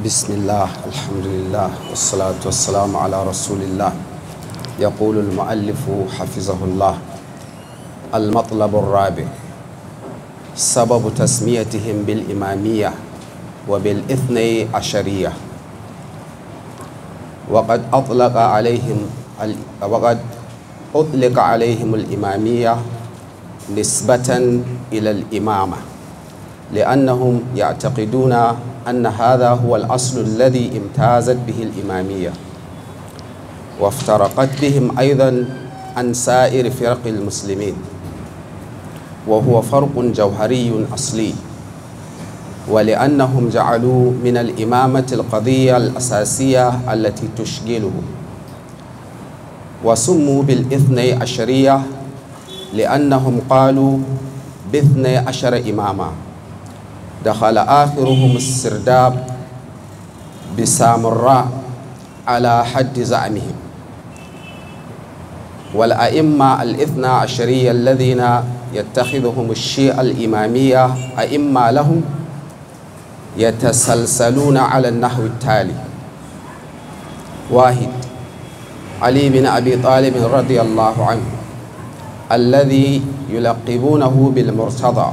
بسم الله الحمد لله والصلاة والسلام على رسول الله يقول المؤلف حفظه الله المطلب الرابع سبب تسميتهم بالإمامية وبالإثني عشرية وقد أطلق عليهم وقد أطلق عليهم الإمامية نسبة إلى الإمامة لأنهم يعتقدون أن هذا هو الأصل الذي امتازت به الإمامية وافترقت بهم أيضا عن سائر فرق المسلمين وهو فرق جوهري أصلي ولأنهم جعلوا من الإمامة القضية الأساسية التي تشغله وسموا بالاثني عشرية لأنهم قالوا باثني عشر إماماً دخل آخرهم السرداب بسامراء على حد زعمهم والأئمة الاثنى عشرية الذين يتخذهم الشيعة الإمامية أئمة لهم يتسلسلون على النحو التالي واحد علي بن أبي طالب رضي الله عنه الذي يلقبونه بالمرتضى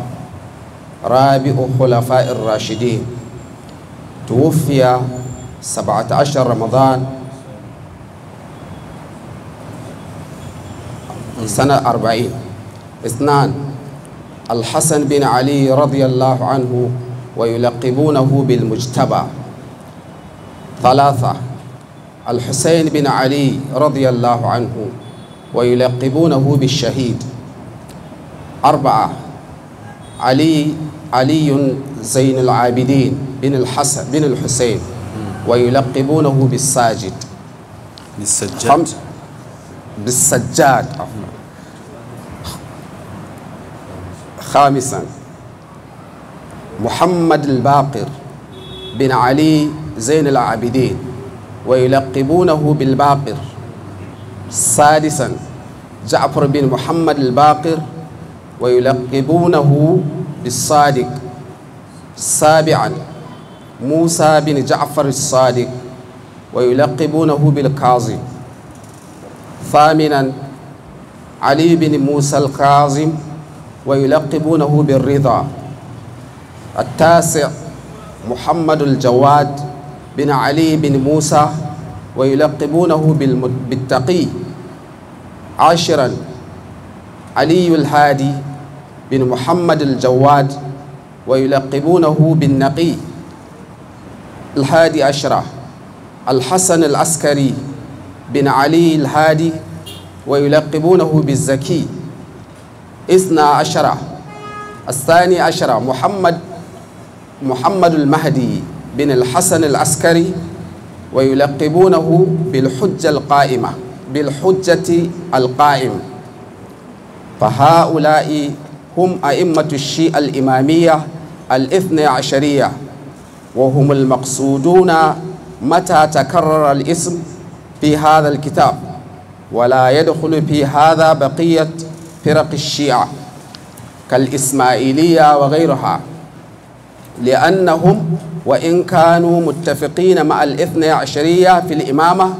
رابع خلفاء الراشدين توفي سبعة عشر رمضان سنة أربعين اثنان الحسن بن علي رضي الله عنه ويلقبونه بالمجتبى ثلاثة الحسين بن علي رضي الله عنه ويلقبونه بالشهيد أربعة علي علي زين العابدين بن الحسن بن الحسين ويلقبونه بالساجد بالسجاد بالسجاد خامسا محمد الباقر بن علي زين العابدين ويلقبونه بالباقر سادسا جعفر بن محمد الباقر ويلقبونه بالصادق سابعا موسى بن جعفر الصادق ويلقبونه بالكاظم ثامنا علي بن موسى الكاظم ويلقبونه بالرضا التاسع محمد الجواد بن علي بن موسى ويلقبونه بالتقي عاشرا علي الهادي بن محمد الجواد ويلقبونه بالنقي الهادي أشرة الحسن العسكري بن علي الهادي ويلقبونه بالزكي اثنا عشرة الثاني عشرة محمد محمد المهدي بن الحسن العسكري ويلقبونه بالحجة القائمة بالحجة القائمة فهؤلاء هم أئمة الشيعة الإمامية الاثنى عشرية وهم المقصودون متى تكرر الاسم في هذا الكتاب ولا يدخل في هذا بقية فرق الشيعة كالإسماعيلية وغيرها لأنهم وإن كانوا متفقين مع الاثنى عشرية في الإمامة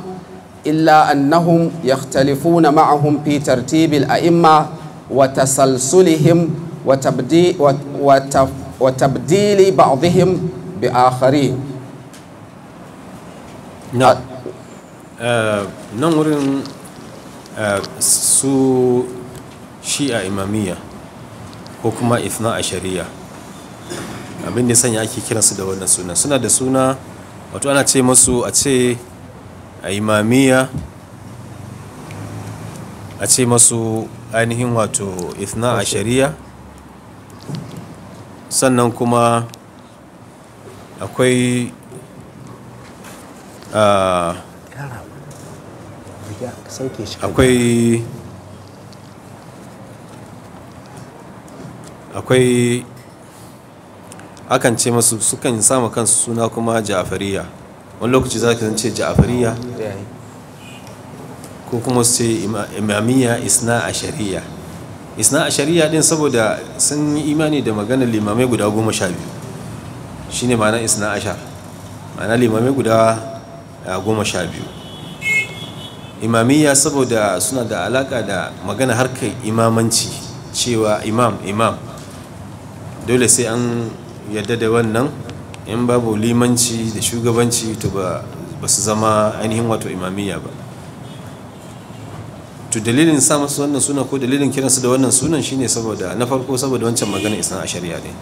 إلا أنهم يختلفون معهم في ترتيب الأئمة wa tasalsulihim wa tabdili na nan wurin su shi'a imamiyya ko kuma ifna a shari'a abin da sanya ake kiransu da wannan suna suna da suna wato ana ce masu a ce a imamiya a ce masu ainihin wato ithna a shari'a sannan kuma akwai akwai akwai akan ce masu sukan sama kansu suna kuma ja'afariya wani lokaci za ka zance ja'afariya ko kuma su ce imamiyya isna a shari'a isna a shari'a din saboda sun yi imani da maganar limamai guda goma sha biyu shi ne ma'ana isna sha ma'ana limamai guda goma sha biyu imamiyya saboda suna da alaka da magana harkar imamanci cewa imam imam dole sai an yadda da wannan in babu limanci da shugabanci to ba su zama ainihin wato imamiyya ba to dalilin sa masu wannan sunan ko dalilin kiransu da wannan sunan shine saboda na farko saboda wancan magana isna a shari'a ne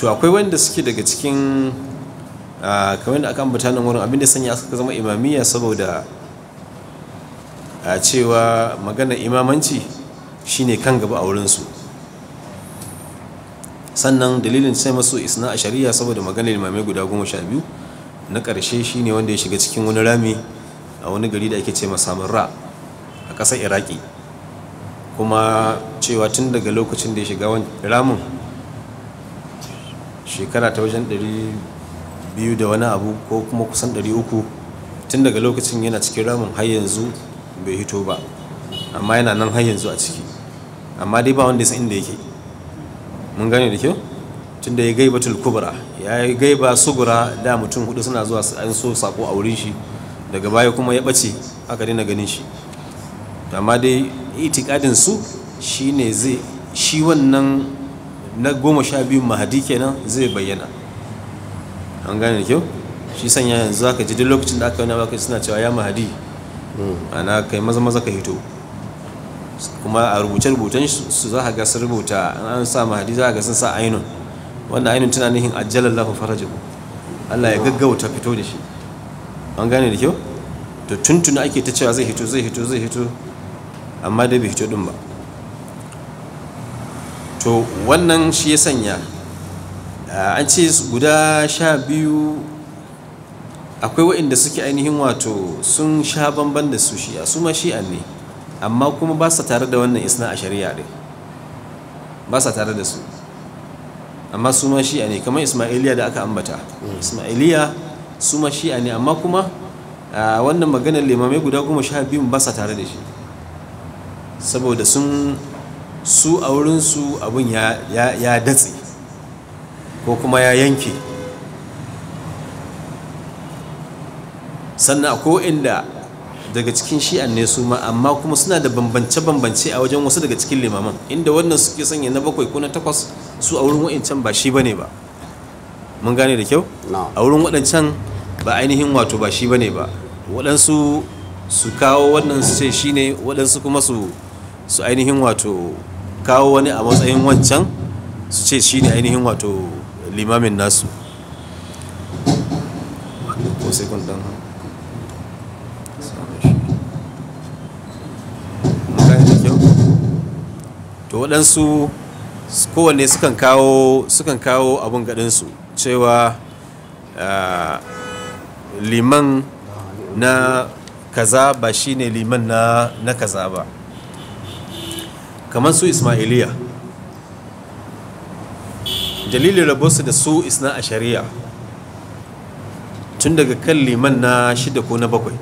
to akwai wanda suke daga cikin kamar da aka ambata nan wurin abinda sanya aka zama imamiyya saboda a cewa magana imamanci shine kan gaba a wurinsu sannan dalilin sai masu isna a shari'a saboda maganar imamai guda goma sha biyu na ƙarshe shine wanda ya shiga cikin wani rami a wani gari da ake ce masamun ra' a ƙasar iraki kuma cewa tun daga lokacin da ya shiga ramin shekara ta wajen 200 da wani abu ko kuma kusan 300 tun daga lokacin yana cikin ramin har yanzu bai hito ba amma yana nan har yanzu a ciki amma dai ba wanda ya san inda yake mun gane da kyau tun da ya gaiba tulkubra ya gaiba sugura da mutum hudu suna zuwa an so sako a wurin shi daga baya kuma ya ɓace aka daina ganin shi amma dai itikadin su shine zai shi wannan na goma sha biyun mahadi kenan zai bayyana an gane da kyau shi sanya yanzu aka ji duk lokacin da aka yi baka suna cewa ya mahadi hmm. ana kai maza maza ka hito kuma a rubuce rubutan su za a ga rubuta an sa mahadi za a ga sa ainihin wanda ainun tana nihin ajjalallahu farajahu Allah ya gaggauta fito da shi an gane da kyau to tuntuna ake ta cewa zai hito zai hito zai hito amma dai bai fito din ba to wannan shi ya sanya ah, an ce guda sha biyu akwai waɗanda suke ainihin wato sun sha bamban da su a su ma a ne amma kuma ba sa tare da wannan isna a shari'a ne ba sa tare da su amma su ma shi'a ne kamar ismailiya da aka ambata hmm. ismailiya su ma shi'a ne amma kuma ah, wannan maganar limamai guda goma sha biyun ba sa tare da shi saboda sun su a wurinsu abin ya datse ko kuma ya yanke sannan ko inda daga cikin shi'an ne su ma amma kuma suna da bambance-bambance a wajen wasu daga cikin limaman inda wannan suke sanya na bakwai ko na takwas su a wurin wa'incan ba shi ba ne ba mun gane da kyau a wurin waɗancan ba ainihin wato ba shi ba ne ba waɗansu su kawo wannan su ce shi ne waɗansu kuma su su ainihin wato kawo wani a matsayin wancan su ce shi ne ainihin wato limamin nasu to waɗansu kowanne sukan kawo sukan kawo abin gaɗinsu cewa liman na kaza ba shine liman na kaza ba kamar su ismailiya dalilin rabosu da su isna a shari'a tun daga kan liman na shida ko na bakwai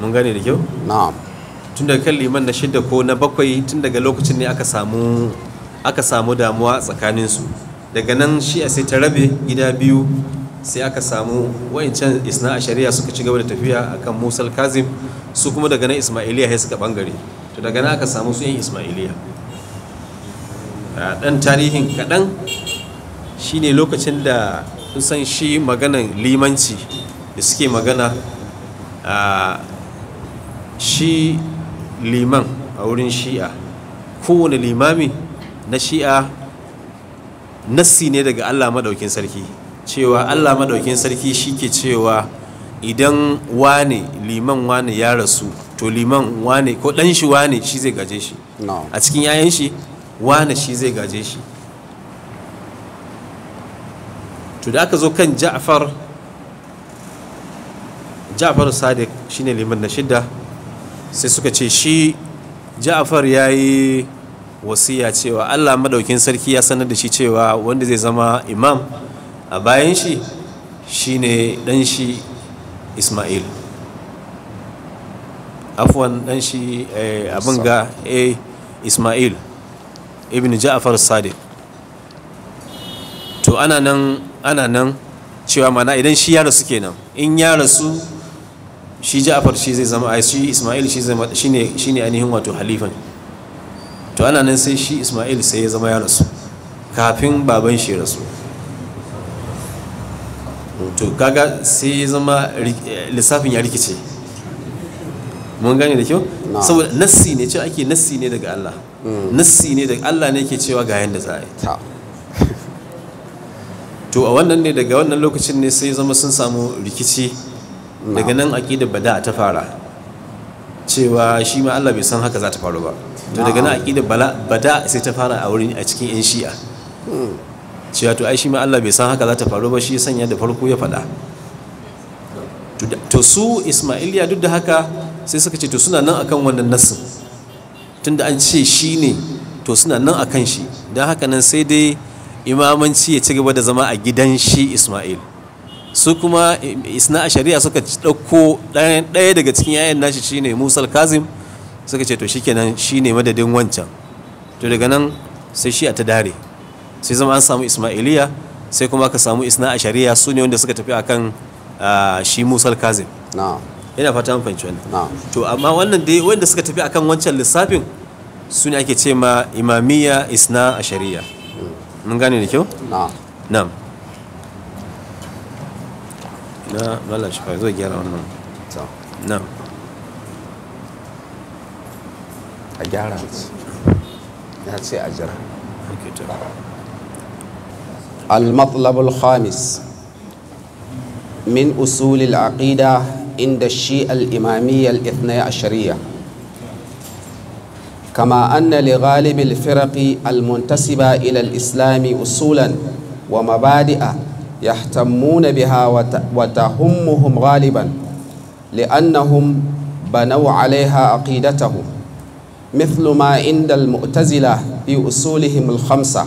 mun gane da kyau? na'am tun daga kan liman na shida ko na bakwai tun daga lokacin ne aka samu damuwa tsakanin su daga nan shi'a sai ta rabe gida biyu sai aka samu wayancan isna a shari'a suka ci gaba da tafiya akan musal kazim su kuma daga nan ismailiya ya suka bangare to daga na aka samu su yin ismailiya ɗan tarihin kaɗan shine lokacin da san shi maganan limanci da suke magana shi liman a wurin shi'a kowane limami na shi'a nassi ne daga allah maɗaukin sarki cewa allah maɗaukin sarki shi ke cewa idan wane liman wane ya rasu to liman wane ko dan shi wane shi zai gaje shi a cikin yayan shi wane shi zai gaje shi to da aka zo kan ja'far ja'far sadiq shine liman na shidda sai suka ce shi ja'far yayi wasiya cewa Allah madaukin sarki ya sanar da shi cewa wanda zai zama imam a bayan shi shine dan shi Ismail afwan dan shi eh, abin ga eh, ismail ibn ja'far sadiq to ana nan ana nan cewa mana idan shi ya rasu kenan in ya rasu shi ja'far shi zai zama shi ismail shi zai shine shine ainihin wato halifan to ana nan sai shi ismail sai ya zama ya rasu kafin baban shi rasu to kaga sai ya zama eh, lissafin ya rikice mun gane da kyau saboda nassi ne ce ake nassi ne daga Allah mm. nassi ne daga Allah ne ke cewa ga yanda za a yi to a wannan ne daga wannan lokacin ne sai zama sun samu rikici daga nan da bada ta fara cewa shi ma Allah bai san haka za ta faru ba to daga nan da bada sai ta fara a wurin a cikin yan shi'a mm. cewa to ai shi ma Allah bai san haka za ta faru ba shi ya sanya da farko ya faɗa to su Ismailiya duk da haka sai suka ce to suna nan akan wannan nasin tunda an ce shi ne to suna nan akan shi don haka nan sai dai imamanci ya ci gaba da zama a gidan shi ismail su kuma isna a shari'a suka ɗauko ɗaya daga cikin yayan nashi shine musal kazim suka ce to shi ne madadin wancan to daga nan sai shi a ta dare sai zama an samu ismailiya sai kuma ka samu isna a shari'a su ne wanda suka tafi akan ah, shi musal kazim yana fata an fahimci wannan to amma wannan dai wanda suka tafi akan wancan lissafin su ne ake ce ma imamiyya isna a shari'a hmm. mun gane da kyau na na mala shi zo gyara wannan na a gyara ya ce a jira المطلب الخامس من أصول العقيدة عند الشيء الإمامية الاثني عشرية كما أن لغالب الفرق المنتسبة إلى الإسلام أصولا ومبادئ يهتمون بها وتهمهم غالبا لأنهم بنوا عليها عقيدتهم مثل ما عند المؤتزلة في أصولهم الخمسة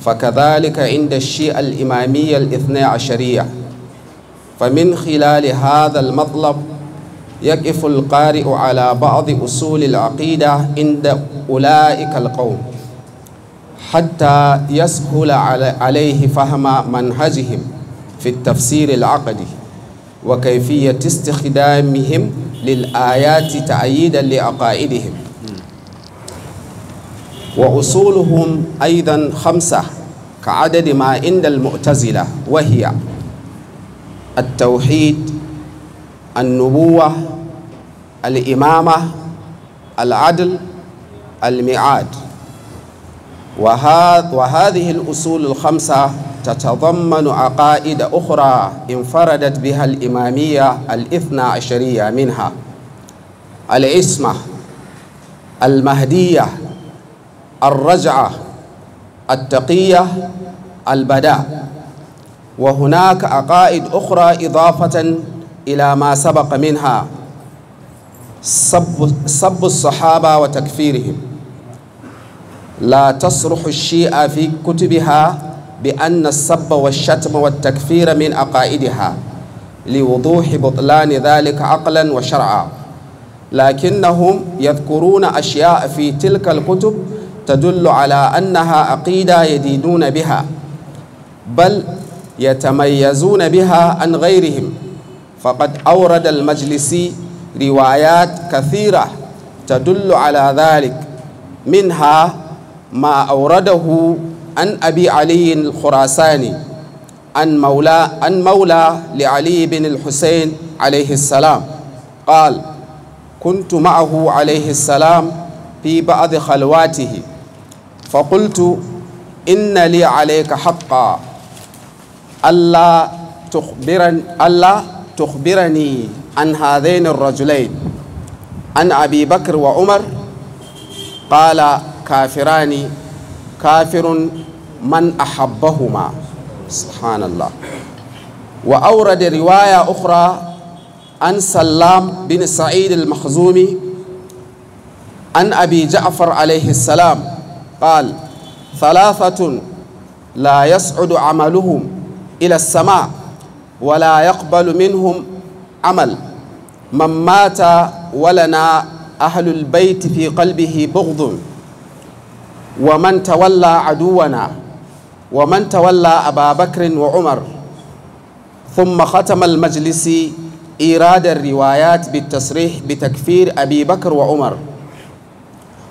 فكذلك عند الشيء الإمامية الاثني عشرية فمن خلال هذا المطلب يقف القارئ على بعض أصول العقيدة عند أولئك القوم حتى يسهل عليه فهم منهجهم في التفسير العقدي وكيفية استخدامهم للآيات تأييدا لعقائدهم وأصولهم أيضا خمسة كعدد ما عند المعتزلة وهي التوحيد النبوة الإمامة العدل الميعاد وهذه الأصول الخمسة تتضمن عقائد أخرى انفردت بها الإمامية الإثنى عشرية منها العصمة المهدية الرجعة التقية البداء وهناك عقائد أخرى إضافة إلى ما سبق منها سب, سب الصحابة وتكفيرهم لا تصرح الشيعة في كتبها بأن السب والشتم والتكفير من عقائدها لوضوح بطلان ذلك عقلا وشرعا لكنهم يذكرون أشياء في تلك الكتب تدل على أنها عقيدة يدينون بها بل يتميزون بها عن غيرهم فقد أورد المجلسي روايات كثيرة تدل على ذلك منها ما أورده عن أبي علي الخراساني عن مولى عن مولى لعلي بن الحسين عليه السلام قال كنت معه عليه السلام في بعض خلواته فقلت إن لي عليك حقا ألا تخبرن ألا تخبرني عن هذين الرجلين عن أبي بكر وعمر قال كافران كافر من أحبهما سبحان الله وأورد رواية أخرى عن سلام بن سعيد المخزومي عن أبي جعفر عليه السلام قال ثلاثة لا يسعد عملهم إلى السماء ولا يقبل منهم عمل من مات ولنا أهل البيت في قلبه بغض ومن تولى عدونا ومن تولى أبا بكر وعمر ثم ختم المجلس إيراد الروايات بالتصريح بتكفير أبي بكر وعمر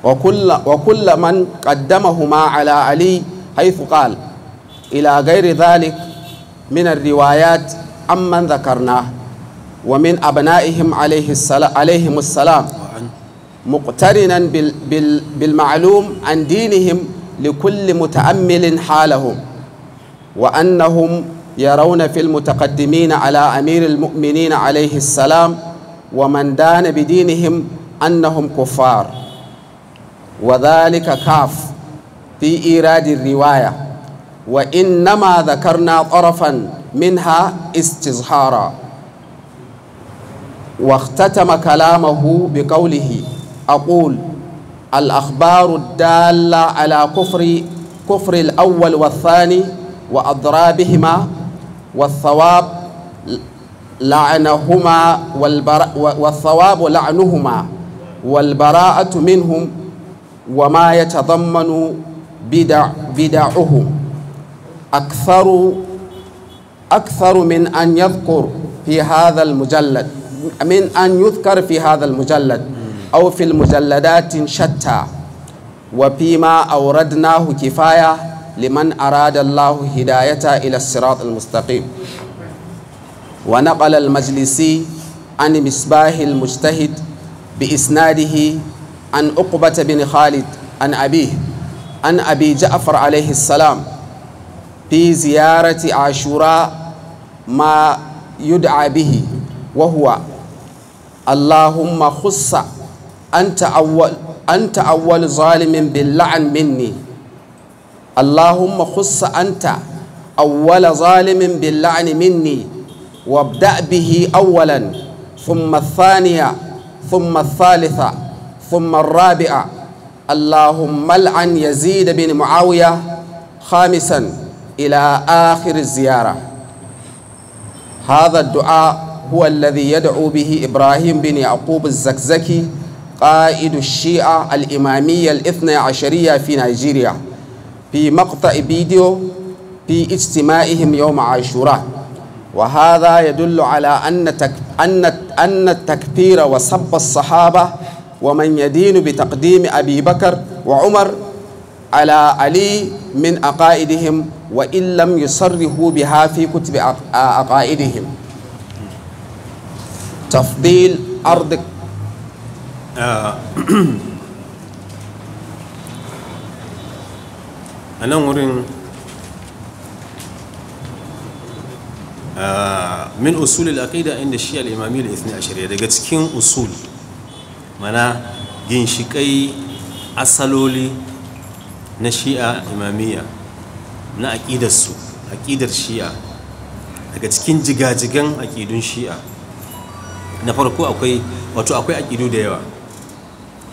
وكل, وكل من قدمهما على علي حيث قال إلى غير ذلك من الروايات عمن ذكرناه ومن أبنائهم عليه السلام عليهم السلام مقترنا بال بال بالمعلوم عن دينهم لكل متأمل حالهم وأنهم يرون في المتقدمين على أمير المؤمنين عليه السلام ومن دان بدينهم أنهم كفار وذلك كاف في إيراد الرواية وإنما ذكرنا طرفا منها استظهارا واختتم كلامه بقوله أقول الأخبار الدالة على كفر كفر الأول والثاني وأضرابهما والثواب لعنهما والبراء والثواب لعنهما والبراءة منهم وما يتضمن بدع بدعهم أكثر أكثر من أن يذكر في هذا المجلد من أن يذكر في هذا المجلد أو في المجلدات شتى وفيما أوردناه كفاية لمن أراد الله هدايته إلى الصراط المستقيم ونقل المجلسي عن مصباح المجتهد بإسناده عن أقبة بن خالد عن أبيه عن أبي جعفر عليه السلام fi ziyarati ashura ma yud'a bihi wa huwa anta awwal anta awwal zalimin bil la'n minni allahumma khussa anta awwal zalimin bil وابدأ به أولا ثم الثانية ثم الثالثة ثم الرابعة اللهم لعن يزيد بن معاوية خامسا إلى آخر الزيارة هذا الدعاء هو الذي يدعو به إبراهيم بن يعقوب الزكزكي قائد الشيعة الإمامية الاثنى عشرية في نيجيريا في مقطع فيديو في اجتماعهم يوم عاشوراء وهذا يدل على أن تك أن أن التكفير وسب الصحابة ومن يدين بتقديم أبي بكر وعمر على علي من أقائدهم wa illam sarrihu biha fi kutubi aqaidihim tafdil ard ah. a nan wurin ah, min usul al inda shi al-imami al-ithni daga cikin usul mana ginshiƙai asaloli na shi'a imamiyya na aƙidarsu aƙidar shi'a daga cikin jigajigan aƙidun shi'a na farko akwai wato akwai aƙidu da yawa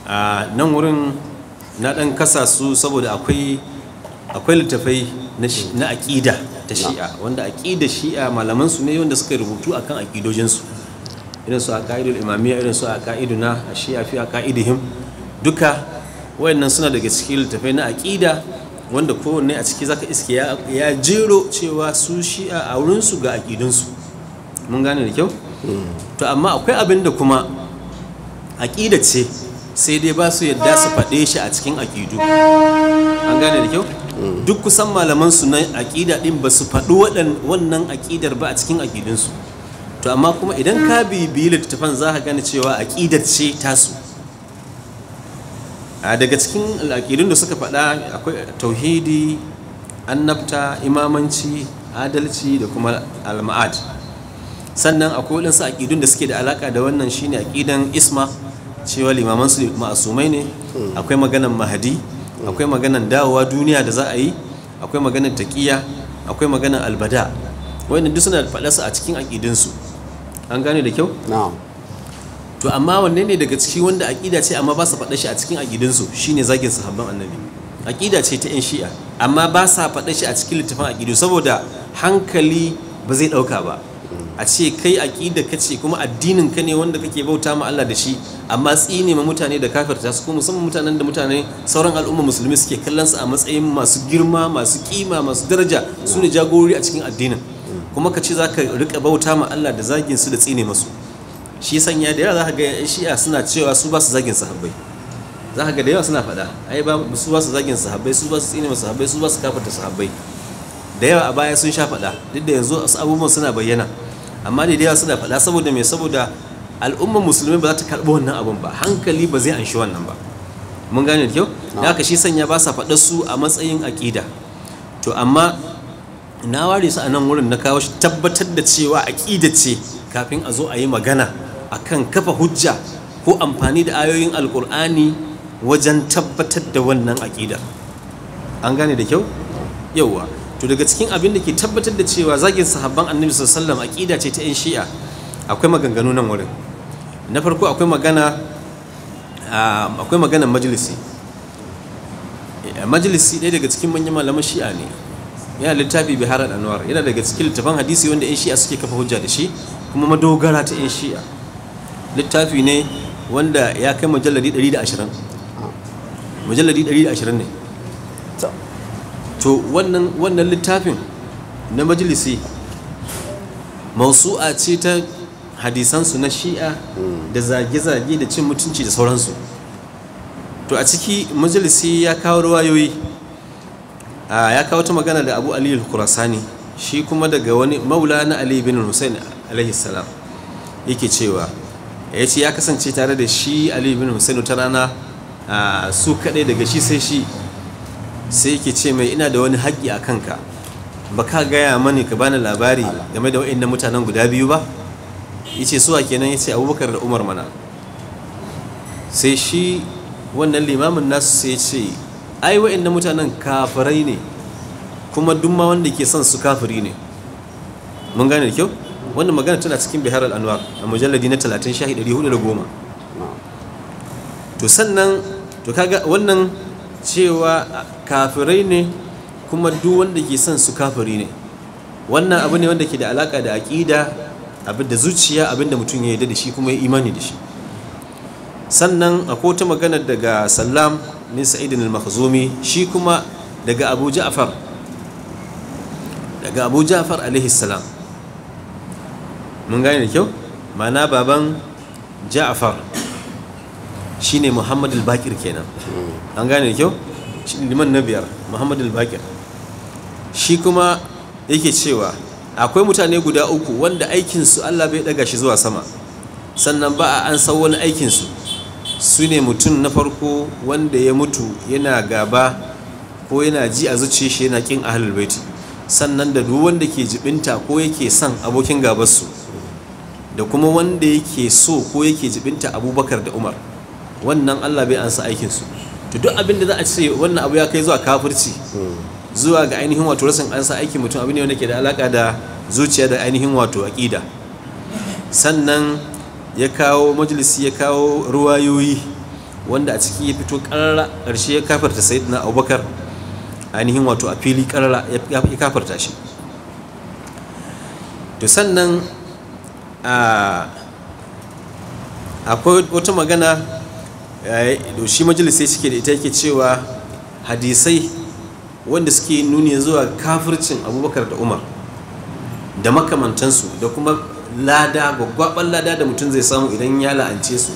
a nan wurin na ɗan kasa su saboda akwai akwai littafai na aƙida ta shi'a wanda aƙida shi'a malaman su ne wanda suka rubutu akan aƙidojinsu irin su a aqaidul imamiyya irin su a a shi'a fi aqaidihim duka wayannan suna daga cikin littafai na aƙida wanda kowanne a ciki zaka iske ya jero cewa su shi'a a wurinsu ga akidunsu mun gane da kyau hmm. to amma akwai abin da kuma aƙida ce sai dai ba su yadda su faɗe shi a cikin aƙidu an gane da kyau hmm. duk kusan malaman su na aƙida ɗin ba su faɗi wannan aƙidar ba a cikin akidunsu? to amma kuma idan ka bibiyi littattafan za ka gane cewa aƙidar ce tasu a daga cikin al'aƙidun da suka faɗa akwai tauhidi annabta imamanci adalci da kuma alma'ad sannan akwai waɗansu aƙidun da suke da alaƙa da wannan shine aƙidan isma cewa limaman su ma'asumai ne akwai maganan mahadi akwai maganan dawowa duniya da za a yi akwai maganan taƙiya akwai maganan albada wani duk suna faɗa su a cikin aƙidunsu an gane da kyau to amma wanne ne daga ciki wanda aƙida ce amma ba sa faɗa shi a cikin shi shine zagin sahabban annabi aƙida ce ta 'yan shi'a amma ba sa faɗa shi a cikin littafin aƙidu saboda hankali ba zai ɗauka ba a ce kai aƙida ka ce kuma addinin ka ne wanda kake bauta ma Allah da shi amma tsine ma mutane da kafirta su kuma musamman mutanen da mutane sauran al'umma musulmi suke kallon su a matsayin masu girma masu kima masu daraja su ne jagorori a cikin addinin kuma ka ce za ka riƙa bauta ma Allah da zagin su da tsine masu shi sanya da yawa za ka ga shi'a suna cewa su ba su zagin sahabbai za ka ga da yawa suna faɗa ai ba su ba su zagin sahabbai su ba su tsine sahabbai su ba su kafarta sahabbai da yawa a baya sun sha faɗa duk da yanzu su abubuwan suna bayyana amma da yawa suna faɗa saboda me saboda al'ummar musulmi ba za ta karɓi wannan abun ba hankali ba zai anshi wannan ba mun gane da kyau da haka shi sanya ba sa faɗa su a matsayin aƙida to amma na ware su a nan wurin na kawo shi tabbatar da cewa aƙida ce kafin a zo a yi magana akan kafa hujja ko amfani da ayoyin alkur'ani wajen tabbatar da wannan aƙidar an gane da kyau yauwa to daga cikin abin da ke tabbatar da cewa zagin sahabban annabi sallallahu alaihi wasallam aƙida ce ta 'yan shi'a akwai maganganu nan wurin na farko akwai magana akwai maganar majalisi eh, majalisi ɗaya daga cikin manyan malaman shi'a ne yana littafi biharar anwar yana daga cikin littafan hadisi wanda 'yan shi'a suke kafa hujja da shi kuma madogara ta 'yan shi'a littafi ne wanda ya kai majalladi 120 majalladi 120 ne to wannan wannan littafin na majalisi mausu'a ce ta hadisansu na shi'a da zage-zage da cin mutunci da sauransu to a ciki majalisi ya kawo ruwayoyi ya kawo ta magana da abu aliyu kurasani shi kuma daga wani maula na ali bin hussein alaihi salam yake cewa ya eh, ce ya kasance tare da shi aliyu bin husainu ta rana su kaɗai daga shi sai shi sai yake ce mai ina da wani haƙƙi a kanka ba ka gaya mani ka bani labari game da wa'in mutanen guda biyu ba ya ce suwa kenan ya ce abubakar da umar mana sai shi wannan limamin nasu sai ya ce ai wa'in mutanen kafirai ne kuma duk ma wanda ke son su kafiri ne mun gane da kyau wannan magana tana cikin bihar al'anwar a mujalladi na 30 to sannan to kaga wannan cewa kafirai ne kuma duk wanda ke son su kafiri ne wannan abu ne wanda ke da alaka da aƙida abin da zuciya abinda mutum ya yi da shi kuma ya imani da shi sannan a kota magana daga sallam ne sa'idin al-makhzumi shi kuma daga abu ja'far daga mun gane da kyau mana baban shi shine muhammad al-bakir kenan hmm. an gane da kyau shi ne liman na biyar muhammad al-bakir shi kuma yake cewa akwai mutane guda uku wanda aikinsu allah bai daga shi zuwa sama sannan ba a an san wani aikinsu su ne mutum na farko wanda ya mutu yana gaba ko yana ji a zuciya shi yana kin ahlul baiti sannan da duk wanda ke jibinta ko yake son abokin gabarsu da kuma wanda yake so ko yake jibinta abubakar da umar wannan allah bai ansa aikinsu to duk abin da za a ce wannan abu ya kai zuwa kafirci zuwa ga ainihin wato rasin ansa aikin mutum abu ne wanda ke da alaka da zuciya da ainihin wato aƙida sannan ya kawo majalisi ya kawo ruwayoyi wanda a ciki ya fito ƙarara ƙarshe ya kafarta na abubakar ainihin wato a fili karara ya kafarta shi to sannan akwai wata magana da shi majalisai suke da ita yake cewa hadisai wanda suke nuni zuwa kafircin abubakar da umar da makamantansu da kuma lada gwaggwaban lada da mutum zai samu idan ya la'ance su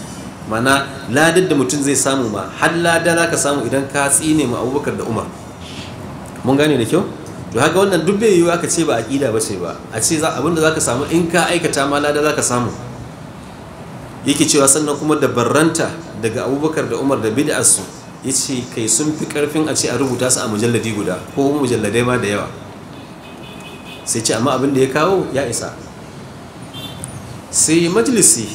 mana ladar da mutum zai samu ma har lada za ka samu idan ka tsine ma abubakar da umar mun gane da kyau to haka wannan duk bai yiwu aka ce ba aqida ba ce ba a ce abinda zaka samu in ka aikata ma lada zaka samu yake cewa sannan kuma da barranta daga abubakar da umar da bid'arsu ya ce kai sun fi karfin a ce a rubuta su a mujalladi guda ko mujalladai ma da yawa sai ce amma abin ya kawo ya isa sai majalisi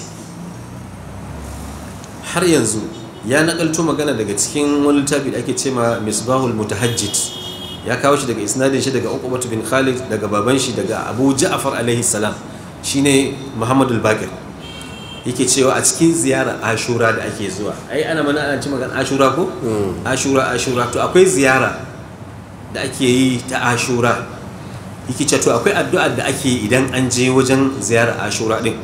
har yanzu ya nakalto magana daga cikin wani littafi da ake ce ma misbahul mutahajjid ya kawo shi daga isnadin shi daga uqbatu bin khalid daga baban shi daga abu ja'far alaihi salam shine muhammadu bakir yake cewa a cikin ziyarar ashura da ake zuwa ai ana mana ana ci ashura ko hmm. ashura ashura to akwai ziyara da ake yi ta ashura yake cewa to akwai addu'a da ake yi idan an je wajen ziyarar ashura din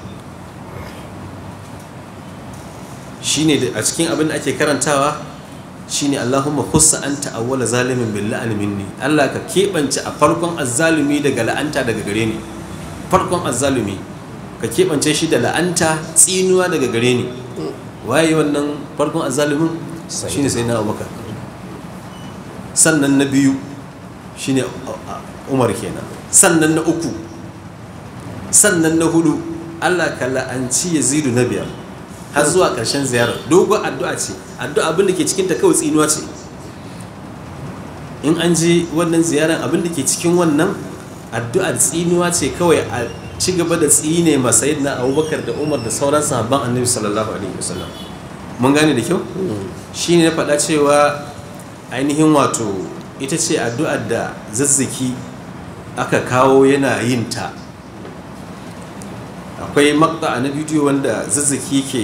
shine a cikin abin da ake karantawa shine Allahumma hussa anta awwala zalimin bil la'an minni Allah ka keɓance a farkon azzalumi daga la'anta daga gare ni farkon azzalumi ka keɓance shi da la'anta tsinuwa daga gare ni waye wannan farkon azzalumin shine sai na Abubakar sannan na biyu shine Umar kenan sannan na uku sannan na hudu Allah ka la'anci Yazidu na biyar har zuwa ƙarshen ziyarar dogon addu'a ce addu'a abin da ke cikin ta kawai tsinuwa ce in an ji wannan ziyarar abin da ke cikin wannan addu'ar tsinuwa ce kawai a ci gaba da tsine yi na abubakar da umar da sauran sahabban annabi sallallahu alaihi wasallam mun gane da kyau shine na faɗa cewa ainihin wato ita ce addu'ar da zazzaki aka kawo yana yin ta akwai makta na bidiyo wanda zazzaki ke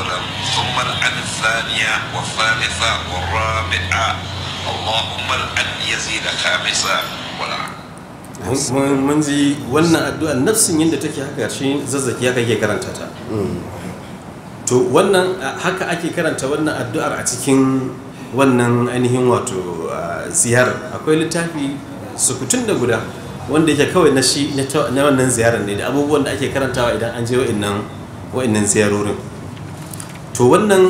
الأولى ثم العن الثانية والثالثة والرابعة اللهم العن يزيد خامسة والعن manzi wannan addu'a nafsin yadda take haka shi zazzaki haka ke karanta ta to wannan haka ake karanta wannan addu'ar a cikin wannan ainihin wato ziyarar akwai littafi sukutun da guda wanda yake kawai na shi na wannan ziyarar ne da abubuwan da ake karantawa idan an je wa'annan ziyarorin to wannan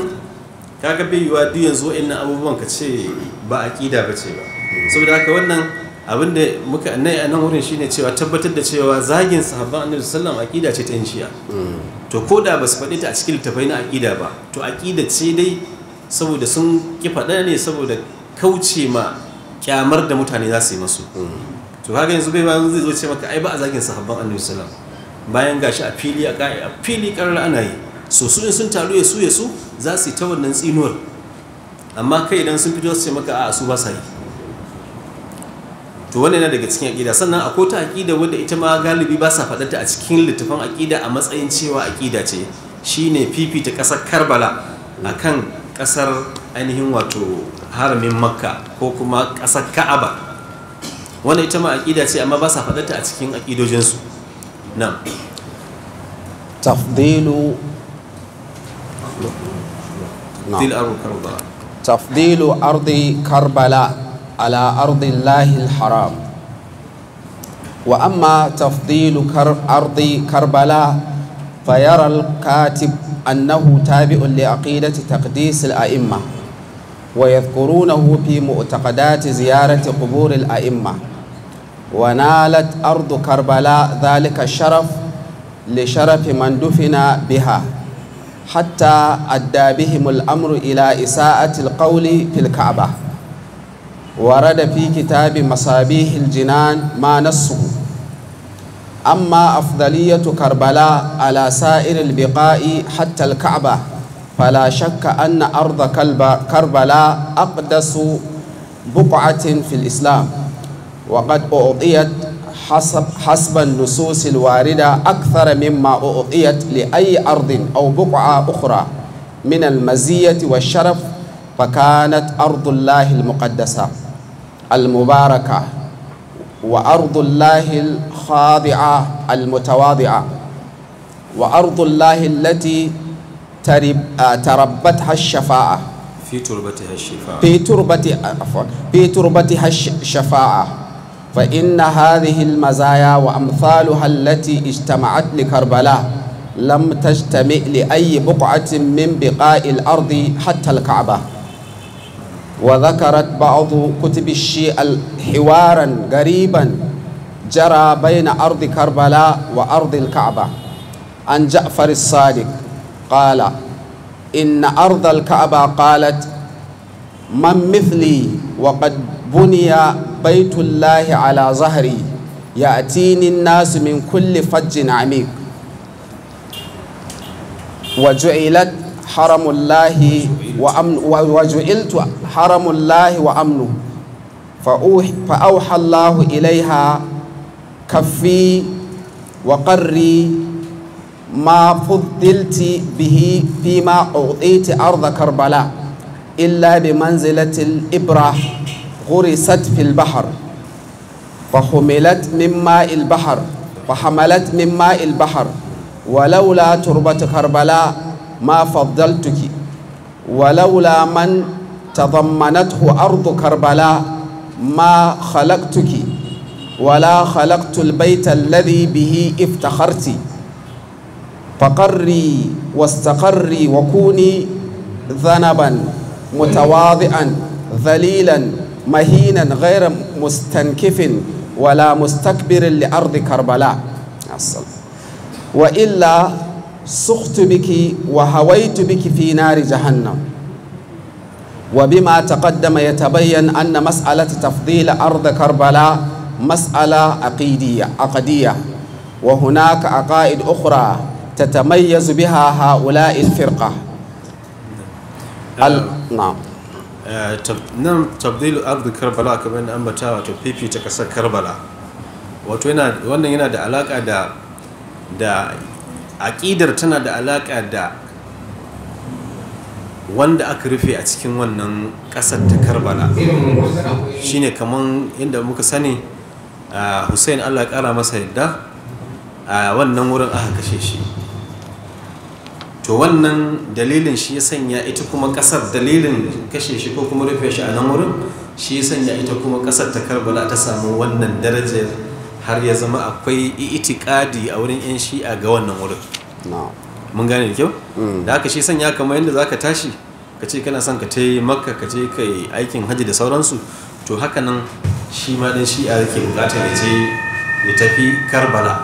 kaga bai yiwa duk yanzu wa'annan abubuwan ka ce ba a ƙida ba ce ba saboda haka wannan abinda da muka annai a nan wurin shine cewa tabbatar da cewa zagin sahabban annabi wasallam aqida ce ta yin shi'a to ko da ba su faɗi ta a cikin littafai na aqida ba to aqida ce dai saboda sun ki faɗa ne saboda kauce ma kyamar da mutane za su yi masu to kaga yanzu bai bayan zai zo ce maka ai ba a zagin sahabban annabi wasallam bayan gashi a fili a fili karar ana yi so su sun taru ya su ya su za su yi ta wannan tsinuwar amma kai idan sun fito su ce maka a su ba sa yi to wannan yana daga cikin aƙida sannan akwai ta aƙida wadda ita ma galibi ba sa faɗata a cikin littafin aƙida a matsayin cewa aƙida ce shi ne fifita ƙasar karbala a kan ƙasar ainihin wato haramin makka ko kuma ƙasar ka'aba wannan ita ma aƙida ce amma ba sa faɗata a cikin aƙidojinsu nan tafdilu تفضيل نعم. أرض كربلاء تفضيل أرض كربلاء على أرض الله الحرام وأما تفضيل أرض كربلاء فيرى الكاتب أنه تابع لعقيدة تقديس الأئمة ويذكرونه في معتقدات زيارة قبور الأئمة ونالت أرض كربلاء ذلك الشرف لشرف من دفن بها حتى أدى بهم الأمر إلى إساءة القول في الكعبة ورد في كتاب مصابيح الجنان ما نصه أما أفضلية كربلاء على سائر البقاء حتى الكعبة فلا شك أن أرض كربلاء أقدس بقعة في الإسلام وقد أعطيت حسب, حسب النصوص الواردة أكثر مما أعطيت لأي أرض أو بقعة أخرى من المزية والشرف فكانت أرض الله المقدسة المباركة وأرض الله الخاضعة المتواضعة وأرض الله التي ترب آه، تربتها الشفاعة في تربتها الشفاعة في تربتها في تربتها الشفاعة فإن هذه المزايا وأمثالها التي اجتمعت لكربلاء لم تجتمع لأي بقعة من بقاء الأرض حتى الكعبة وذكرت بعض كتب الشيء حوارا غريبا جرى بين أرض كربلاء وأرض الكعبة عن جعفر الصادق قال إن أرض الكعبة قالت من مثلي وقد بني baitullahi ala zahari ya atini nasu min kulli fajjin amik wa ju'ilat haramullahi wa amnu wa ju'iltu haramullahi wa amnu fa auha Allahu ilaiha kaffi wa qarri ما غرست في البحر فحملت من ماء البحر فحملت من ماء البحر ولولا تربة كربلاء ما فضلتك ولولا من تضمنته أرض كربلاء ما خلقتك ولا خلقت البيت الذي به افتخرت فقري واستقري وكوني ذنبا متواضعا ذليلا مهينا غير مستنكف ولا مستكبر لأرض كربلاء وإلا سخت بك وهويت بك في نار جهنم وبما تقدم يتبين أن مسألة تفضيل أرض كربلاء مسألة عقيدية عقدية وهناك عقائد أخرى تتميز بها هؤلاء الفرقة آه. نعم Eh, nan tabdilu ardu karbala kamar na ambata wato fifita kasar karbala wato wannan yana da alaka da da aƙidar tana da alaka da wanda aka rufe a cikin wannan ƙasar ta karbala shine kamar inda muka sani eh, hussein allah ƙara masa yadda a eh, wannan wurin aka kashe shi to wannan dalilin shi ya sanya ita kuma kasar dalilin kashe shi ko kuma rufe shi a nan wurin shi ya sanya ita kuma kasar ta karbala ta samu wannan darajar har ya zama akwai itikadi a wurin 'yan shi'a ga wannan wurin mun gane da kyau mm. da haka shi sanya kamar yadda za ka tashi ka ce kana son ka ta yi makka ka je ka yi aikin hajji da sauransu to haka nan shi ma dan shi'a yake bukatar ya je ya tafi karbala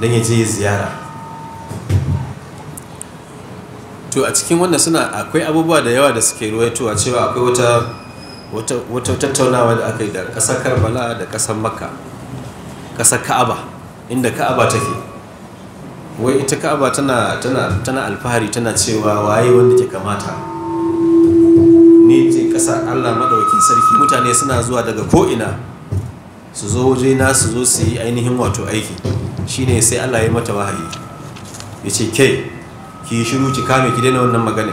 don ya je ziyara to a cikin wannan suna akwai abubuwa da yawa da suke a cewa akwai wata wata tattaunawa da aka yi da ƙasar karbala da ƙasar makka ƙasar ka'aba inda ka'aba take wai ita ka'aba tana tana tana alfahari tana cewa waye wanda ke kamata ni ce ƙasar allah maɗauki sarki mutane suna zuwa daga ko'ina su zo wajena su zo su yi ainihin wato aiki shine sai allah ya mata wahayi ya ce kai ki shiru ki kame ki daina wannan magana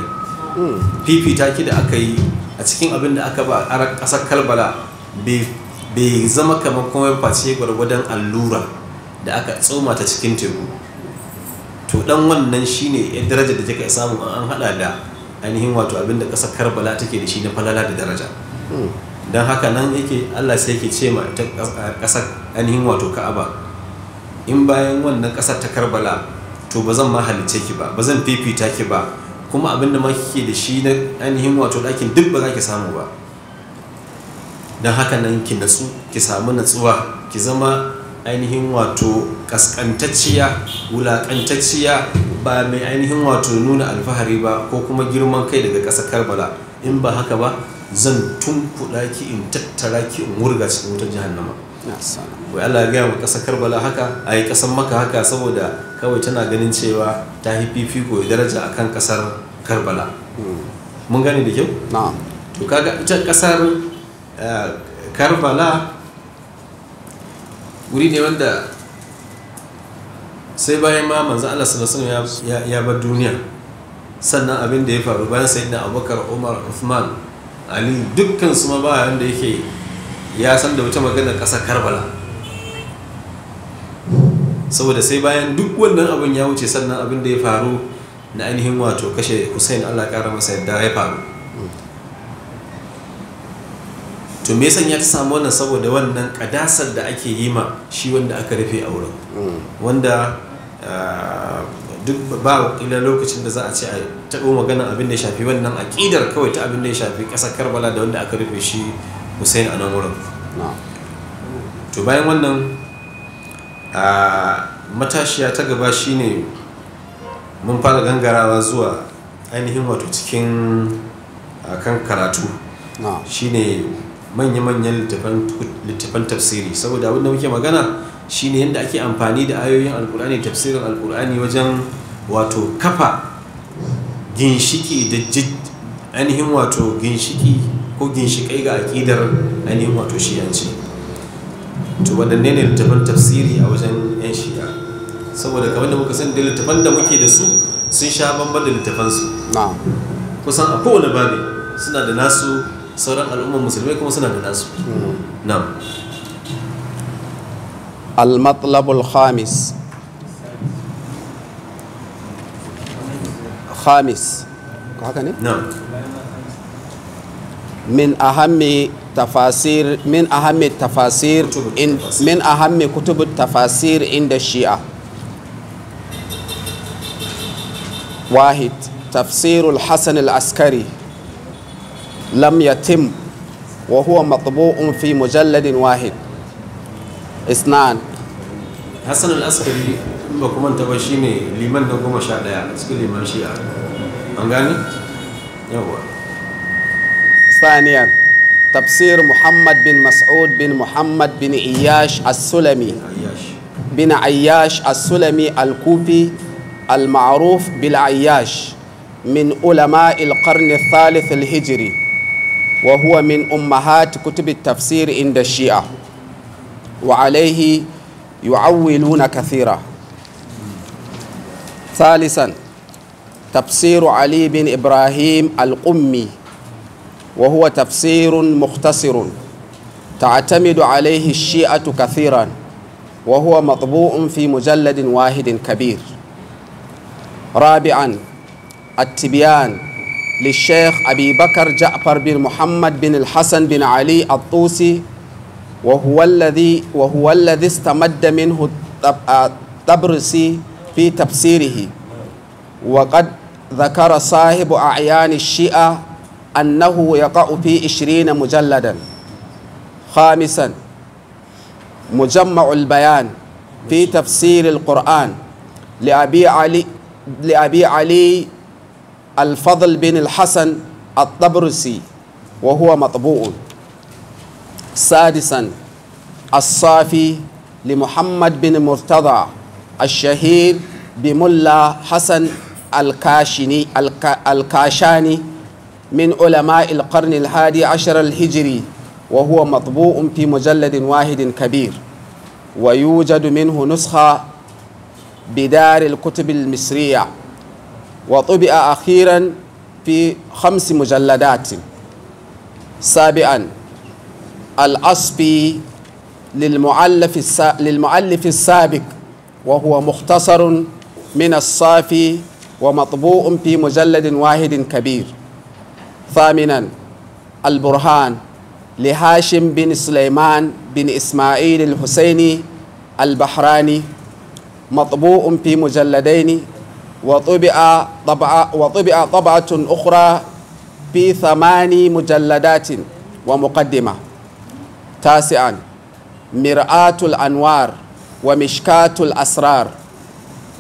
fifita ki da aka yi a cikin abin da aka ba a ƙasar kalbala bai zama kamar kuma face gwargwadon allura da aka tsoma ta cikin teku to dan wannan shine ya daraja da take samu an hada da ainihin wato abin da ƙasar karbala take da shi na falala da daraja don haka nan yake allah sai yake ce ma ta ƙasar ainihin wato ka'aba in bayan wannan ƙasar ta karbala to ba zan ma ki ba ba zan fifita ki ba kuma abin da ma kike da shi na ainihin wato ɗakin duk ba za ki samu ba don haka nan ki natsu ki samu natsuwa ki zama ainihin wato kaskantacciya wulaƙantacciya ba mai ainihin wato nuna alfahari ba ko kuma girman kai daga ƙasa karbala in ba haka ba zan tunkuɗa ki in tattara ki in wurga cikin wutar jahannama wai Allah ya gaya wa ƙasar Karbala haka a yi ƙasar maka haka saboda kawai tana ganin cewa ta yi fifiko ya daraja a kan ƙasar Karbala hmm. mun gane da kyau? to kaga ita ƙasar eh, Karbala wuri ne wanda sai bayan ma manzan Allah sallallahu alaihi ya bar duniya sannan abin da ya faru bayan sayyidina Abubakar Umar Uthman Ali dukkan su ma ba yake ya san da wata maganar ƙasar karbala saboda sai bayan duk wannan abin ya wuce sannan abin da ya faru na ainihin wato kashe hussein allah ƙara masa yadda ya faru to me san ya ta samu wannan saboda wannan ƙadasar da ake yi ma shi wanda aka rufe a wurin wanda ah, duk ba wakila lokacin da za a ce a taɓo magana abin da ya shafi wannan aƙidar kawai ta abin da ya shafi ƙasar karbala da wanda aka rufe shi hussein a nan wurin to bayan wannan a matashiya ta gaba shine mun fara gangarawa zuwa ainihin wato cikin kan karatu shine manya-manyan littafan tafsiri saboda abinda muke magana shine yadda ake amfani da ayoyin alkur'ani tafsirin alkur'ani wajen wato kafa ginshiki da ainihin wato ginshiki ko ginshiƙai ga aƙidar ainihin wato shiyanci to waɗanne ne littafan tafsiri a wajen 'yan shiya saboda kamar da muka san da littafan da muke da su sun sha bamban da littafan su kusan a kowane ne suna da nasu sauran al'ummar musulmai kuma suna da nasu hmm. na'am ko haka ne نعم من أهم تفاسير من أهم التفاسير إن من أهم كتب التفاسير عند الشيعة واحد تفسير الحسن العسكري لم يتم وهو مطبوع في مجلد واحد اثنان حسن العسكري ba kuma ta ba shine liman na goma sha daya cikin liman shi'a an gane yawa ثانيا تفسير محمد بن مسعود بن محمد بن عياش السلمي بن عياش السلمي الكوفي المعروف بالعياش من علماء القرن الثالث الهجري وهو من أمهات كتب التفسير عند الشيعة وعليه يعولون كثيرا ثالثا تفسير علي بن إبراهيم القمي وهو تفسير مختصر تعتمد عليه الشيعة كثيرا وهو مطبوع في مجلد واحد كبير رابعا التبيان للشيخ أبي بكر جعفر بن محمد بن الحسن بن علي الطوسي وهو الذي وهو الذي استمد منه الطبرسي في تفسيره وقد ذكر صاحب أعيان الشيعة أنه يقع في عشرين مجلدا خامسا مجمع البيان في تفسير القرآن لأبي علي لأبي علي الفضل بن الحسن الطبرسي وهو مطبوع سادسا الصافي لمحمد بن مرتضى الشهير بملا حسن الكاشني الكاشاني من علماء القرن الحادي عشر الهجري وهو مطبوع في مجلد واحد كبير ويوجد منه نسخة بدار الكتب المصرية وطبع أخيرا في خمس مجلدات سابعا للمعلف, للمؤلف للمؤلف السابق وهو مختصر من الصافي ومطبوع في مجلد واحد كبير ثامنا البرهان لهاشم بن سليمان بن إسماعيل الحسيني البحراني مطبوع في مجلدين وطبع طبعة وطبع طبعة أخرى في ثماني مجلدات ومقدمة تاسعا مرآة الأنوار ومشكاة الأسرار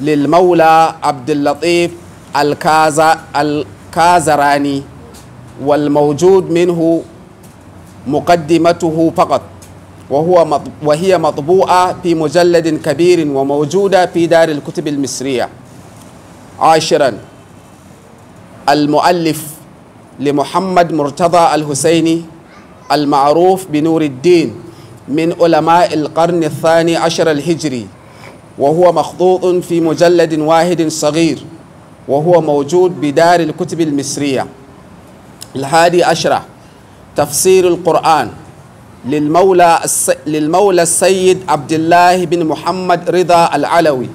للمولى عبد اللطيف الكازراني والموجود منه مقدمته فقط وهو وهي مطبوعة في مجلد كبير وموجودة في دار الكتب المصرية عاشرا المؤلف لمحمد مرتضى الحسيني المعروف بنور الدين من علماء القرن الثاني عشر الهجري وهو مخطوط في مجلد واحد صغير وهو موجود بدار الكتب المصريه الحادي عشرة تفسير القرآن للمولى للمولى السيد عبد الله بن محمد رضا العلوي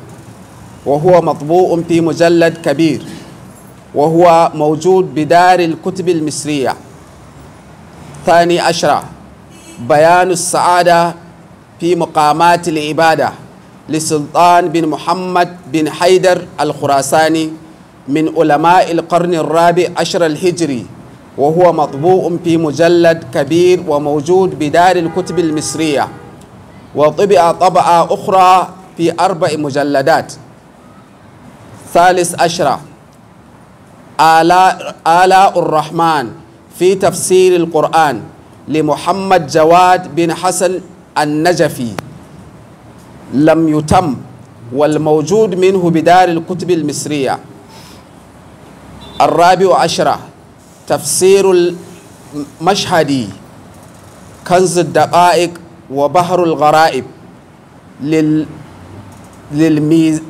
وهو مطبوع في مجلد كبير وهو موجود بدار الكتب المصرية ثاني عشرة بيان السعادة في مقامات العبادة لسلطان بن محمد بن حيدر الخراساني من علماء القرن الرابع عشر الهجري وهو مطبوع في مجلد كبير وموجود بدار الكتب المصرية وطبع طبعة أخرى في أربع مجلدات ثالث عشرة آلاء, آلاء الرحمن في تفسير القرآن لمحمد جواد بن حسن النجفي لم يتم والموجود منه بدار الكتب المصرية الرابع عشرة تفسير المشهدي كنز الدقائق وبحر الغرائب لل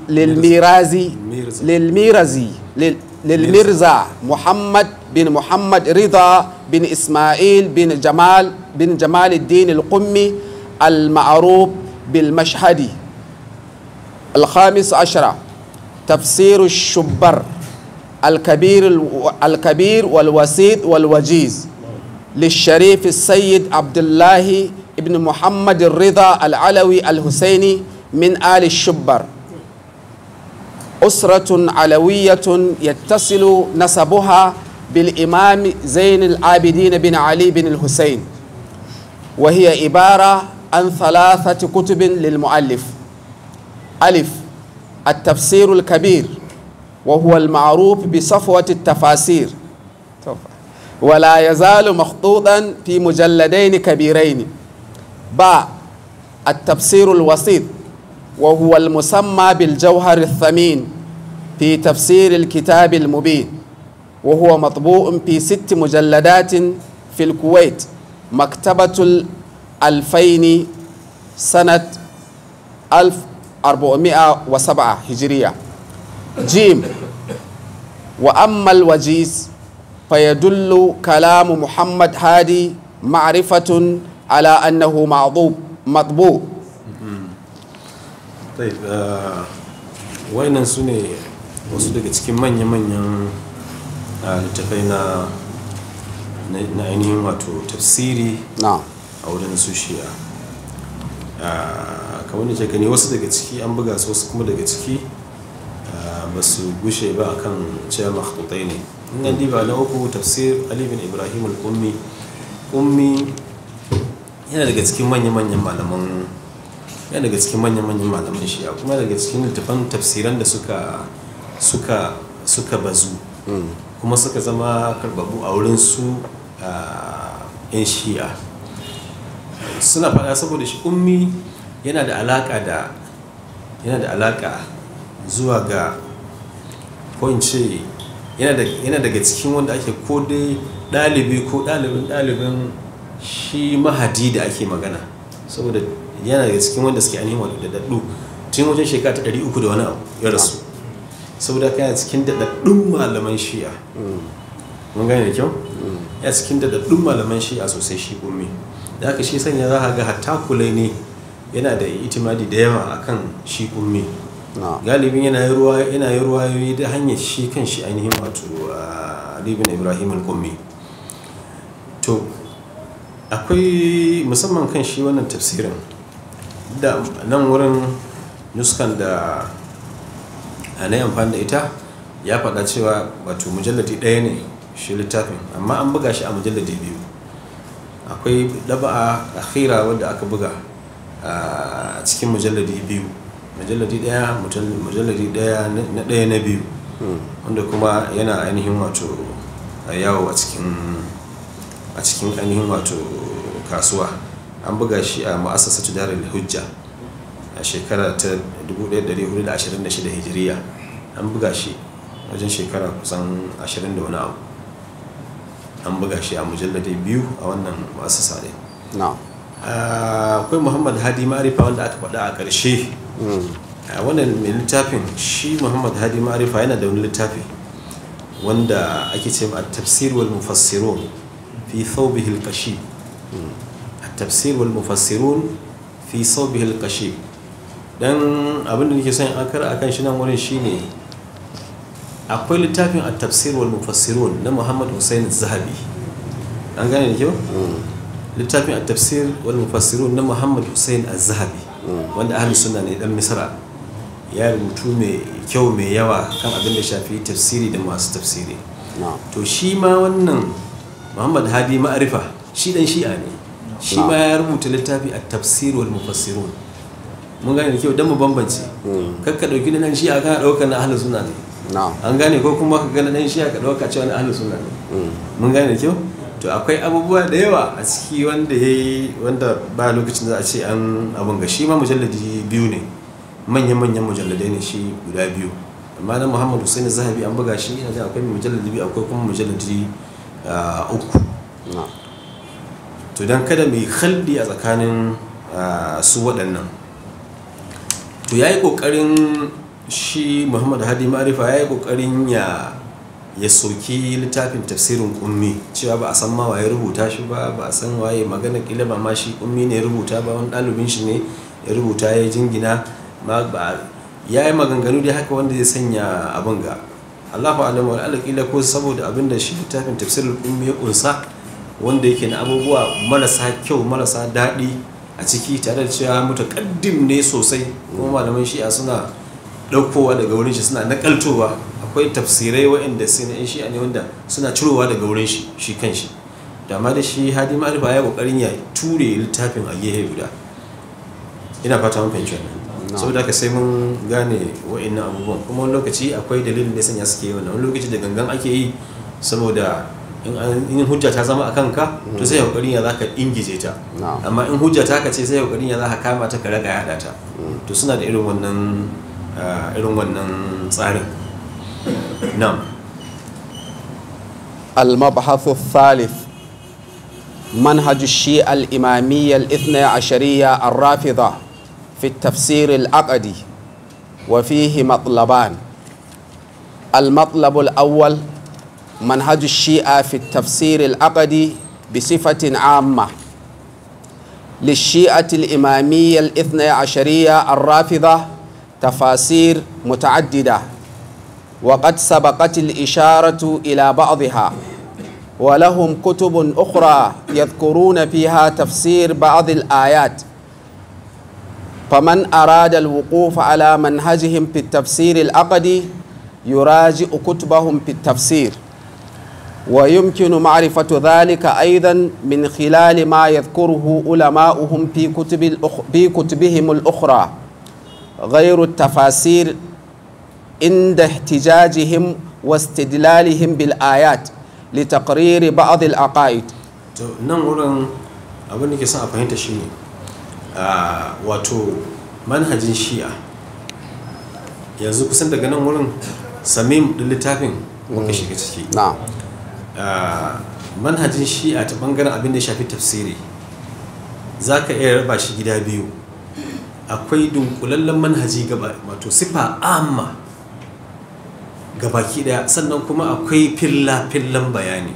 للميرازي للميرزي للميرزا محمد بن محمد رضا بن إسماعيل بن جمال بن جمال الدين القمي المعروف بالمشهدي الخامس عشر تفسير الشبر الكبير الكبير والوسيط والوجيز للشريف السيد عبد الله ابن محمد الرضا العلوي الحسيني من آل الشبر أسرة علوية يتصل نسبها بالإمام زين العابدين بن علي بن الحسين وهي عبارة عن ثلاثة كتب للمؤلف ألف التفسير الكبير وهو المعروف بصفوة التفاسير ولا يزال مخطوطا في مجلدين كبيرين باء التفسير الوسيط وهو المسمى بالجوهر الثمين في تفسير الكتاب المبين وهو مطبوع في ست مجلدات في الكويت مكتبة الألفين سنة 1407 هجرية jim wa ammal wajiz fayadullu kalamu muhammad hadi ma'rifatun ala annahu matbu uh, wainan su ne wasu daga cikin manya-manyan uh, littafai na na ainihin wato tafsiri a wurin su shi'a uh, kamar da ke gani wasu daga ciki an buga su wasu kuma daga ciki ba su gushe ba akan ce makhtutai ne in an diba na uku tafsir alibin ibrahim al-ummi ummi yana daga cikin manya-manyan malaman yana daga cikin manya-manyan malaman shi'a kuma daga cikin littafan tafsiran da suka suka suka bazu hmm. kuma suka zama karbabu a wurin su yan shi'a suna faɗa saboda shi ummi yana da alaka da yana da alaka zuwa ga kwanci yana daga cikin wanda ake ko dai ɗalibi ko ɗalibin ɗalibin shi mahadi da ake magana saboda yana daga cikin wanda suke ainihin wadda daddu tun wajen shekara ta ɗari uku da wani abu ya rasu saboda ka yana cikin daɗaɗɗun malaman shiya mun gane da kyau ya cikin daɗaɗɗun malaman shiya sosai shi gumi da aka shi sanya za a ga hatta kulai ne yana da itimadi da yawa akan shi gumi galibin yana yi ruwa yana yi ruwayoyi da hanyar shi kan shi ainihin wato ah, Ali Ibrahim al-Qummi to akwai musamman kan shi wannan tafsirin da nan wurin nuskan da ah, na amfani da ita ya faɗa cewa wato mujalladi ɗaya ne shi littafin amma an buga shi a mujalladi biyu akwai a akhira wadda aka buga ah, a cikin mujalladi biyu majalladi daya majalladi daya na daya na biyu hmm. wanda kuma yana ainihin wato yawo a cikin a cikin ainihin wato kasuwa an buga shi a ma'asasatu darul hujja a shekara ta 1426 hijiriya an buga shi wajen shekara kusan 20 da wani abu an buga shi a mujalladai biyu a wannan ma'asasa ne. Ah, akwai muhammad hadi marifa wanda aka faɗa a ƙarshe a wannan mai littafin shi muhammad hadi ma'arifa yana da wani littafi wanda ake ce a tafsir wal mufassirun fi thawbihi al qashib a tafsir wal mufassirun fi thawbihi al qashib dan abin da nake son in akara akan shi nan wurin shine akwai littafin a tafsir wal mufassirun na muhammad hussein zahabi an gane da kyau mm. littafin a tafsir wal mufassirun na muhammad hussein zahabi wanda ahalin suna ne dan misra ya rubutu mai kyau mai yawa kan abin da shafi tafsiri da masu tafsiri to shi ma wannan muhammad hadi ma'arifa shi dan shi'a ne shi ma ya rubuta littafi a tafsir wal mufassirun mun gane da kyau dan mu bambance hmm. kakka dauki na nan shi'a kana dauka na ahlus sunna ne an gane ko kuma ka gane shi shi'a ka dauka cewa na ahlus sunna ne hmm. mun gane da kyau to akwai abubuwa da yawa a ciki wanda ya yi wanda ba lokacin za a ce an abin ga shi ma mujalladi biyu ne manyan manyan mujalladai ne shi guda biyu amma na muhammad hussein zahabi an buga shi yana akwai mujalladi biyu akwai kuma mujalladi ah, uku to don kada mai khaldi a tsakanin ah, su waɗannan to ya yi ƙoƙarin shi muhammad hadi marifa ya yi ƙoƙarin ya ya soki littafin tafsirin ummi cewa ba a san ma waye rubuta shi ba ba a san waye magana kila ba ma shi ummi ne rubuta ba wani ɗalibin shi ne ya rubuta ya jingina ma ba ya yi maganganu dai haka wanda zai sanya abin ga Allah fa alama wani kila ko saboda abin da shi littafin tafsirin ummi ya kunsa wanda yake na abubuwa marasa kyau marasa daɗi a ciki tare da cewa kaddim ne sosai kuma malaman shi'a suna ɗaukowa daga wurin shi suna nakaltowa akwai tafsirai waɗanda sai na shi ne wanda suna cirowa daga wurin shi shi kan shi da ma da shi hadi ma'arifa ya kokarin ya ture littafin a gehe guda ina fata mun fahimci wannan saboda haka sai mun gane waɗannan abubuwan kuma wani lokaci akwai dalilin da sanya suke yi wannan wani lokaci da gangan ake yi saboda in hujja ta zama a kanka to sai kokarin ya zaka ingije ta amma in hujja ta kace sai kokarin ya zaka kama ta ka raga yada ta mm. to suna da irin wannan ah, irin wannan tsarin نعم المبحث الثالث منهج الشيعة الإمامية الاثنى عشرية الرافضة في التفسير العقدي وفيه مطلبان المطلب الأول منهج الشيعة في التفسير العقدي بصفة عامة للشيعة الإمامية الاثنى عشرية الرافضة تفاسير متعددة وقد سبقت الإشارة إلى بعضها ولهم كتب أخرى يذكرون فيها تفسير بعض الآيات فمن أراد الوقوف على منهجهم في التفسير العقدي يراجع كتبهم في التفسير ويمكن معرفة ذلك أيضا من خلال ما يذكره علماؤهم في, كتب الأخ... في كتبهم الأخرى غير التفاسير inda ihtijajihim wa istidlalihim bil ayat li taqriri ba'd al aqaid to nan wurin abin da ke son a fahimta shine wato manhajin shi'a yanzu kusan daga nan wurin samim din littafin muka shiga ciki manhajin shi'a ta bangaren abin da ya shafi tafsiri za ka iya raba shi gida biyu akwai dunkulallen manhaji gaba wato sifa amma gabaki daya sannan kuma akwai filla-fillan bayani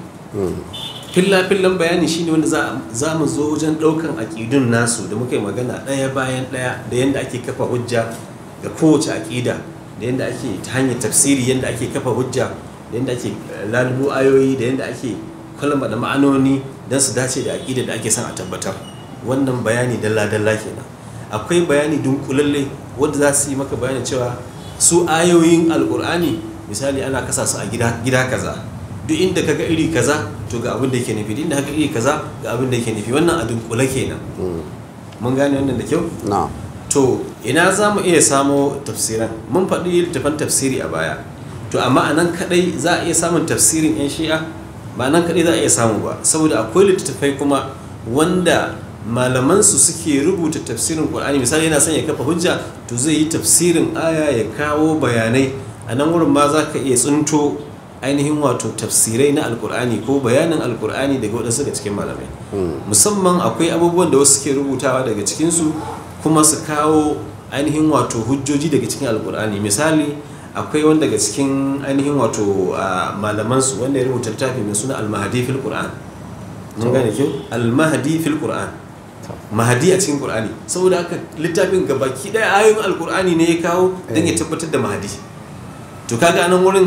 filla-fillan bayani shine wanda za mu zo wajen daukan aƙidun nasu da muka yi magana ɗaya bayan ɗaya da yadda ake kafa hujja ga kowace aƙida da yadda ake ta hanyar tafsiri yadda ake kafa hujja da yadda ake eh, lalubu ayoyi da yadda ake kwalma da ma'anoni don su dace da aƙida da ake son a tabbatar wannan bayani dalla-dalla kenan akwai bayani dunkulalle wanda za su yi maka bayani cewa su ayoyin alkur'ani misali ana kasa su a gida kaza duk inda kaga iri kaza to ga abin da yake nufi inda kaga iri kaza ga abin da yake nufi wannan a dunkule kenan hmm. mun gane wannan da kyau to ina za mu iya samo tafsiran mun faɗi littafan tafsiri a baya to amma a nan kaɗai za a iya samun tafsirin 'yan shi'a ba nan kaɗai za a iya samu ba saboda akwai littattafai kuma wanda malaman su suke rubuta tafsirin ƙwar'ani misali yana son ya kafa hujja to zai yi tafsirin aya ya kawo bayanai a nan wurin ma za ka iya tsinto ainihin wato tafsirai na alkur'ani ko bayanin alkur'ani daga waɗansu daga cikin malamai hmm. musamman akwai abubuwan da wasu suke rubutawa daga cikinsu kuma su kawo ainihin wato hujjoji daga cikin alkur'ani misali akwai wani daga cikin ainihin wato malamansu wanda ya rubuta littafi mai suna almahadi fil qur'an mun gane ke? almahadi fil qur'an mahadi a cikin qur'ani saboda haka littafin gabaki ɗaya ayoyin alkur'ani ne ya kawo don ya eh. tabbatar da mahadi to kaga nan wurin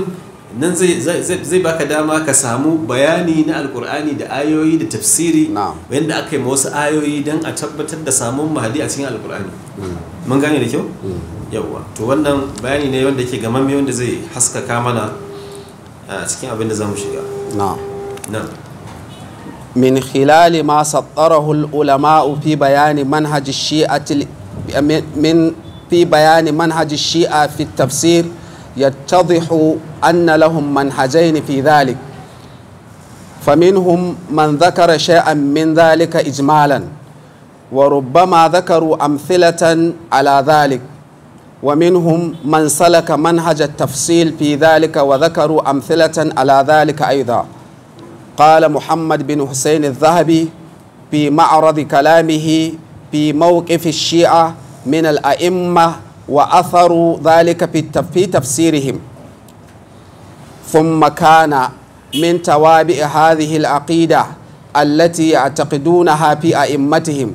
nan zai baka dama ka samu bayani na alkur'ani da ayoyi da tafsiri wanda aka yi wasu ayoyi don a tabbatar da samun mahadi a cikin alkur'ani mm. mun gane da kyau mm. yawwa to wannan bayani ne wanda ke mai wanda zai haskaka mana a cikin abin da za mu shiga na min khilali ma sattarahu ulama'u fi bayani manhaji shi'a fi bayani manhaji shi'a fi tafsir يتضح أن لهم منهجين في ذلك فمنهم من ذكر شيئا من ذلك إجمالا وربما ذكروا أمثلة على ذلك ومنهم من سلك منهج التفصيل في ذلك وذكروا أمثلة على ذلك أيضا قال محمد بن حسين الذهبي في معرض كلامه في موقف الشيعة من الأئمة وأثروا ذلك في تفسيرهم ثم كان من توابع هذه العقيدة التي يعتقدونها في أئمتهم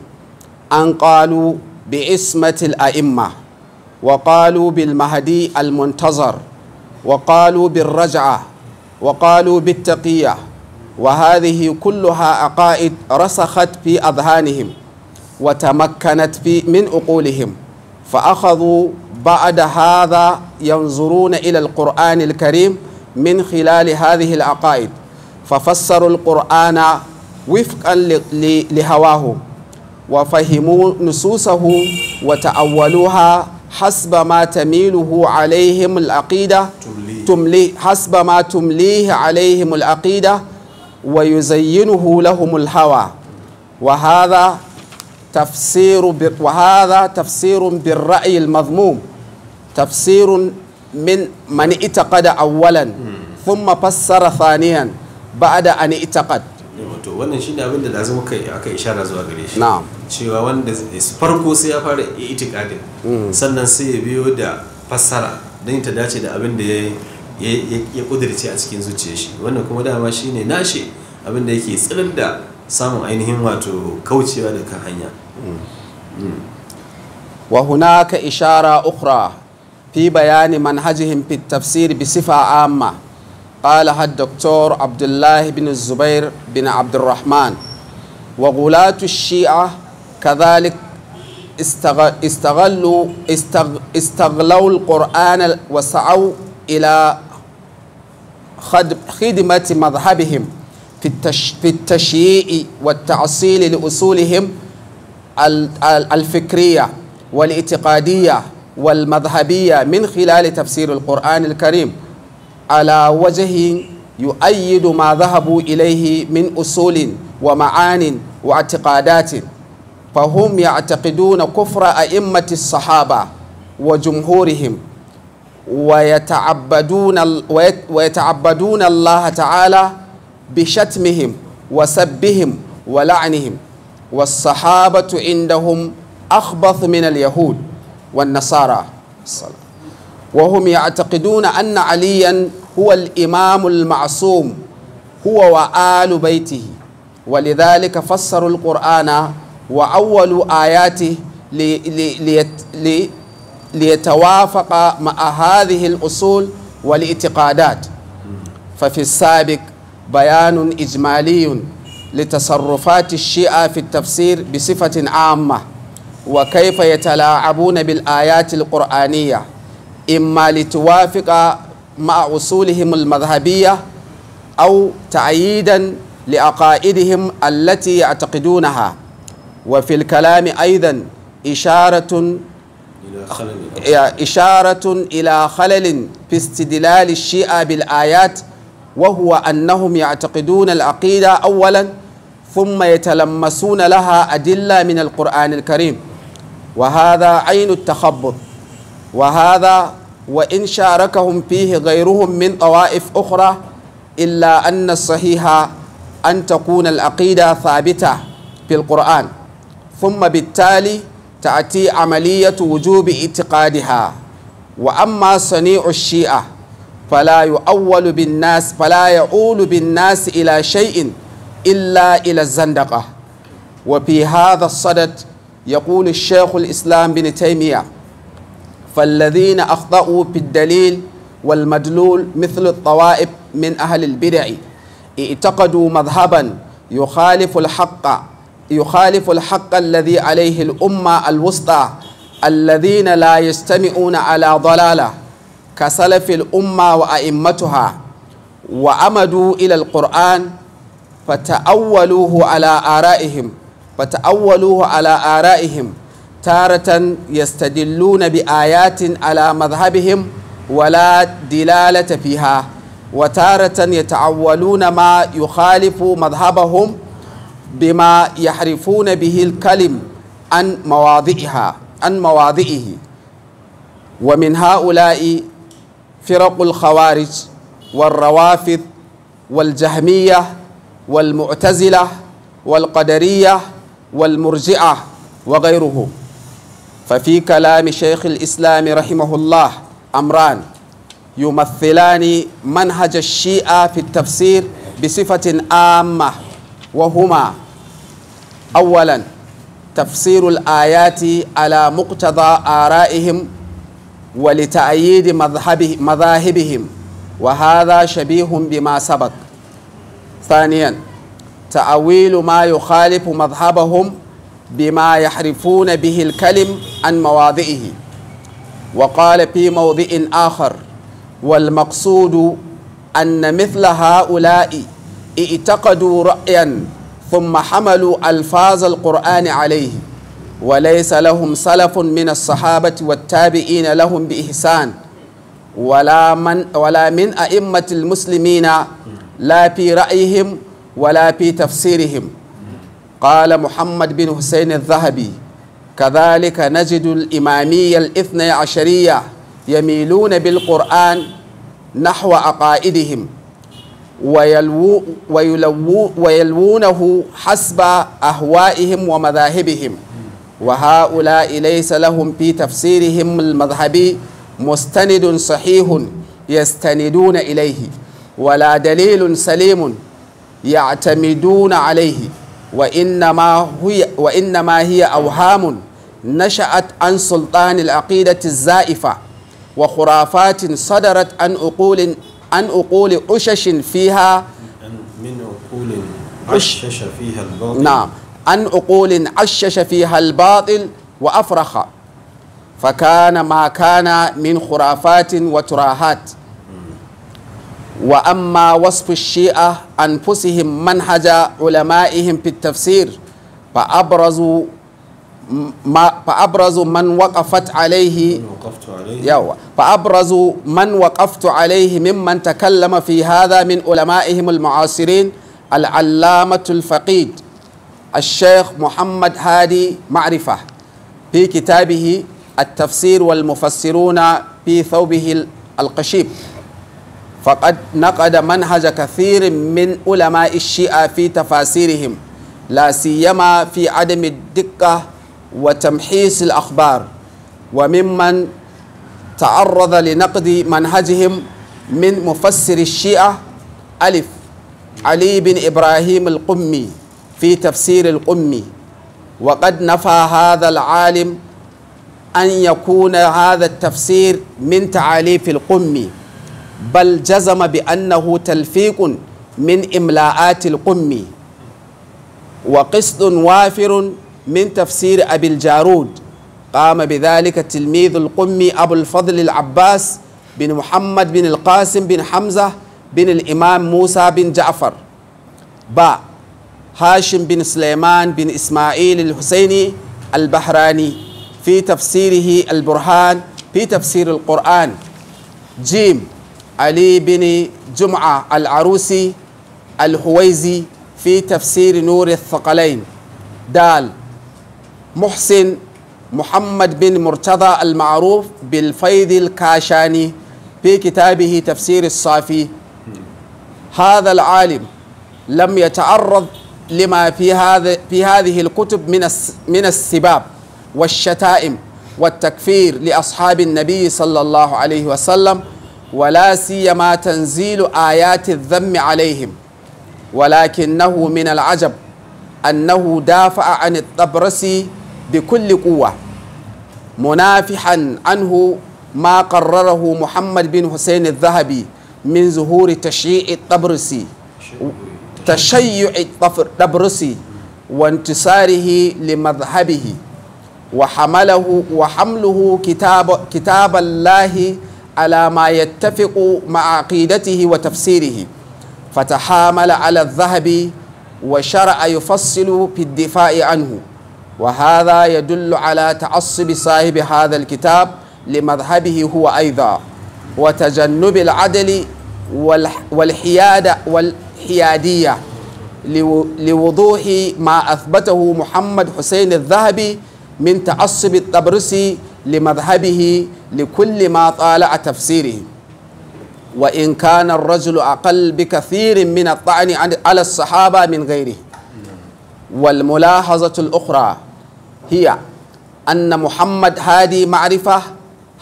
أن قالوا باسمة الأئمة وقالوا بالمهدي المنتظر وقالوا بالرجعة وقالوا بالتقية وهذه كلها عقائد رسخت في أذهانهم وتمكنت في من عقولهم فأخذوا بعد هذا ينظرون إلى القرآن الكريم من خلال هذه العقائد ففسروا القرآن وفقا لهواه وفهموا نصوصه وتأولوها حسب ما تميله عليهم العقيدة تملي حسب ما تمليه عليهم العقيدة ويزينه لهم الهوى وهذا تفسير وهذا تفسير بالرأي المضموم تفسير من من اعتقد أولا ثم فسر ثانيا بعد أن اعتقد to wannan shine abin da lazumu kai aka ishara zuwa gare shi cewa wanda farko sai ya fara itikadin sannan sai ya biyo da fassara don ta dace da abin da ya kudirce a cikin zuciyar shi wannan kuma dama shine nashi abin da yake tsirin da samun ainihin wato kaucewa da kan hanya وهناك إشارة أخرى في بيان منهجهم في التفسير بصفة عامة قالها الدكتور عبد الله بن الزبير بن عبد الرحمن وغلاة الشيعة كذلك استغلوا استغلوا القرآن وسعوا إلى خدمة مذهبهم في التشييع والتعصيل لأصولهم الفكرية والاعتقادية والمذهبية من خلال تفسير القرآن الكريم على وجه يؤيد ما ذهبوا إليه من أصول ومعان واعتقادات فهم يعتقدون كفر أئمة الصحابة وجمهورهم ويتعبدون ويتعبدون الله تعالى بشتمهم وسبهم ولعنهم والصحابة عندهم أخبث من اليهود والنصارى وهم يعتقدون أن عليا هو الإمام المعصوم هو وآل بيته ولذلك فسروا القرآن وأول آياته لي لي ليتوافق مع هذه الأصول والاعتقادات ففي السابق بيان إجمالي لتصرفات الشيعة في التفسير بصفة عامة وكيف يتلاعبون بالآيات القرآنية إما لتوافق مع أصولهم المذهبية أو تعييدا لعقائدهم التي يعتقدونها وفي الكلام أيضا إشارة إشارة إلى خلل في استدلال الشيعة بالآيات وهو أنهم يعتقدون العقيدة أولا ثم يتلمسون لها أدلة من القرآن الكريم وهذا عين التخبط وهذا وإن شاركهم فيه غيرهم من طوائف أخرى إلا أن الصحيح أن تكون العقيدة ثابتة في القرآن ثم بالتالي تأتي عملية وجوب اعتقادها وأما صنيع الشيعة فلا يؤول بالناس فلا يعول بالناس إلى شيء إلا إلى الزندقة وفي هذا الصدد يقول الشيخ الإسلام بن تيمية فالذين أخطأوا في الدليل والمدلول مثل الطوائف من أهل البدع اعتقدوا مذهبا يخالف الحق يخالف الحق الذي عليه الأمة الوسطى الذين لا يستمعون على ضلالة كسلف الأمة وأئمتها وعمدوا إلى القرآن فتأولوه على آرائهم فتأولوه على آرائهم تارة يستدلون بآيات على مذهبهم ولا دلالة فيها وتارة يتعولون ما يخالف مذهبهم بما يحرفون به الكلم عن مواضعها عن مواضعه ومن هؤلاء فرق الخوارج والروافض والجهميه والمعتزلة والقدرية والمرجعة وغيره ففي كلام شيخ الإسلام رحمه الله أمران يمثلان منهج الشيعة في التفسير بصفة عامة وهما أولا تفسير الآيات على مقتضى آرائهم ولتأييد مذهبه مذاهبهم وهذا شبيه بما سبق ثانيا تأويل ما يخالف مذهبهم بما يحرفون به الكلم عن مواضعه وقال في موضع آخر والمقصود أن مثل هؤلاء اعتقدوا رأيا ثم حملوا ألفاظ القرآن عليه وليس لهم سلف من الصحابة والتابعين لهم بإحسان ولا من, ولا من أئمة المسلمين لا في رأيهم ولا في تفسيرهم قال محمد بن حسين الذهبي كذلك نجد الإمامية الاثنى عشرية يميلون بالقرآن نحو عقائدهم ويلوونه حسب أهوائهم ومذاهبهم وهؤلاء ليس لهم في تفسيرهم المذهبي مستند صحيح يستندون إليه ولا دليل سليم يعتمدون عليه وإنما هي, وإنما هي أوهام نشأت عن سلطان العقيدة الزائفة وخرافات صدرت عن أقول عن أقول أشش فيها من أقول عشش فيها الباطل نعم عن أقول عشش فيها الباطل وأفرخ فكان ما كان من خرافات وتراهات وأما وصف الشيعة أنفسهم منهج علمائهم في التفسير فأبرز ما فأبرز من وقفت عليه يوا فأبرز من وقفت عليه ممن تكلم في هذا من علمائهم المعاصرين العلامة الفقيد الشيخ محمد هادي معرفة في كتابه التفسير والمفسرون في ثوبه القشيب فقد نقد منهج كثير من علماء الشيعة في تفاسيرهم لا سيما في عدم الدقة وتمحيص الأخبار وممن تعرض لنقد منهجهم من مفسر الشيعة ألف علي بن إبراهيم القمي في تفسير القمي وقد نفى هذا العالم أن يكون هذا التفسير من تعاليف القمي بل جزم بأنه تلفيق من إملاءات القم وقسط وافر من تفسير أبي الجارود قام بذلك تلميذ القمي أبو الفضل العباس بن محمد بن القاسم بن حمزة بن الإمام موسى بن جعفر با هاشم بن سليمان بن إسماعيل الحسيني البحراني في تفسيره البرهان في تفسير القرآن جيم علي بن جمعة العروسي الحويزي في تفسير نور الثقلين دال محسن محمد بن مرتضى المعروف بالفيض الكاشاني في كتابه تفسير الصافي هذا العالم لم يتعرض لما في هذا في هذه الكتب من من السباب والشتائم والتكفير لاصحاب النبي صلى الله عليه وسلم ولا سيما تنزيل آيات الذم عليهم ولكنه من العجب أنه دافع عن الطبرسي بكل قوة منافحا عنه ما قرره محمد بن حسين الذهبي من ظهور تشييع الطبرسي تشيع الطبرسي وانتصاره لمذهبه وحمله وحمله كتاب كتاب الله على ما يتفق مع عقيدته وتفسيره فتحامل على الذهب وشرع يفصل في الدفاع عنه وهذا يدل على تعصب صاحب هذا الكتاب لمذهبه هو أيضا وتجنب العدل والحيادة والحيادية لوضوح ما أثبته محمد حسين الذهبي من تعصب الطبرسي لمذهبه لكل ما طالع تفسيره وإن كان الرجل أقل بكثير من الطعن على الصحابة من غيره والملاحظة الأخرى هي أن محمد هادي معرفة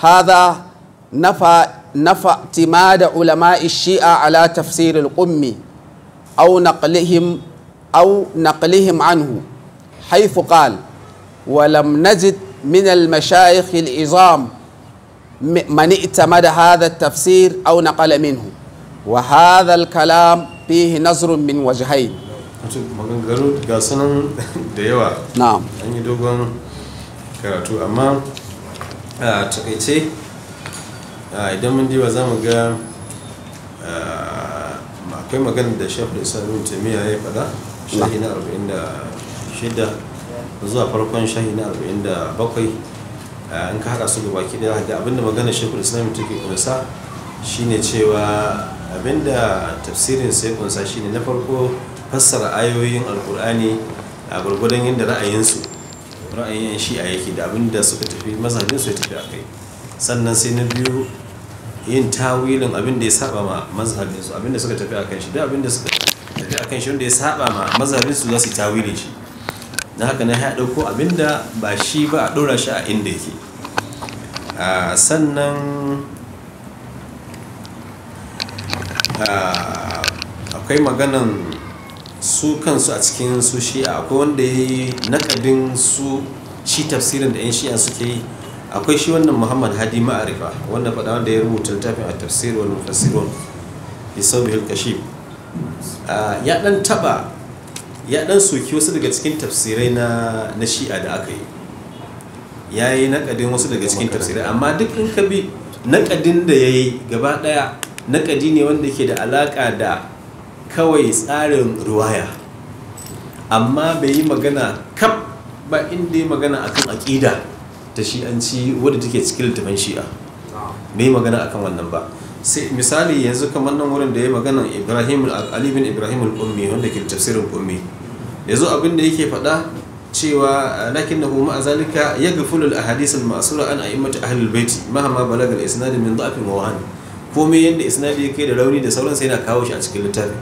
هذا نفى نفى اعتماد علماء الشيعة على تفسير القم أو نقلهم أو نقلهم عنه حيث قال ولم نجد من المشايخ العظام من اعتمد هذا التفسير أو نقل منه وهذا الكلام فيه نظر من وجهين نعم karatu amma a takaice idan mun diba za mu ga akwai magana da shafi da isa'adun tamiya ya faɗa shahi na 46 zuwa farkon shahi na 47 in ka haɗa su gaba ki ɗaya da abinda magana shekul islam ke kunsa shine cewa abinda tafsirin sai kunsa shine na farko fassara ayoyin alkur'ani a gwargwadon yadda ra'ayinsu ra'ayin shi a yake da abinda suka tafi mazhabin su ya tafi a kai sannan sai na biyu yin tawilin abinda ya saba ma mazhabin su abinda suka tafi a kan shi da abinda suka tafi a kan shi wanda ya saba ma mazhabin su za su yi tawilin shi na haka na ya ko abinda ba shi ba a ɗora shi a inda yake sannan akwai maganan su kansu a cikin su shi'a akwai wanda ya yi nakadin su shi tafsirin da 'yan shi'a suke yi akwai shi wannan muhammad hadi ma'arifa wanda faɗa wanda ya rubuta littafin a tafsirin wal mufassirun isabihul kashif ya ɗan taɓa ya dan soki wasu daga cikin tafsirai na shi'a da aka yi ya yi naƙadin wasu daga cikin tafsirai amma duk in ka bi naƙadin da ya yi gaba ɗaya naƙadi ne wanda ke da alaƙa da kawai tsarin ruwaya amma bai yi magana kaf ba inda ya magana akan aƙida ta shi'anci wadda take cikin littafin shi'a bai yi magana akan wannan ba sai misali yanzu kamar nan wurin da ya magana ibrahim al ibrahim al-ummi wanda ke tafsirin ummi yanzu abin da yake faɗa cewa ah, lakin na kuma a zalika ya gafulu al-ahadis a masura an a ahlul baiti mahama balagar isnadi min da'fin wa wahan komai yadda isnadi ya kai da rauni da sauran sai yana kawo shi a cikin littafi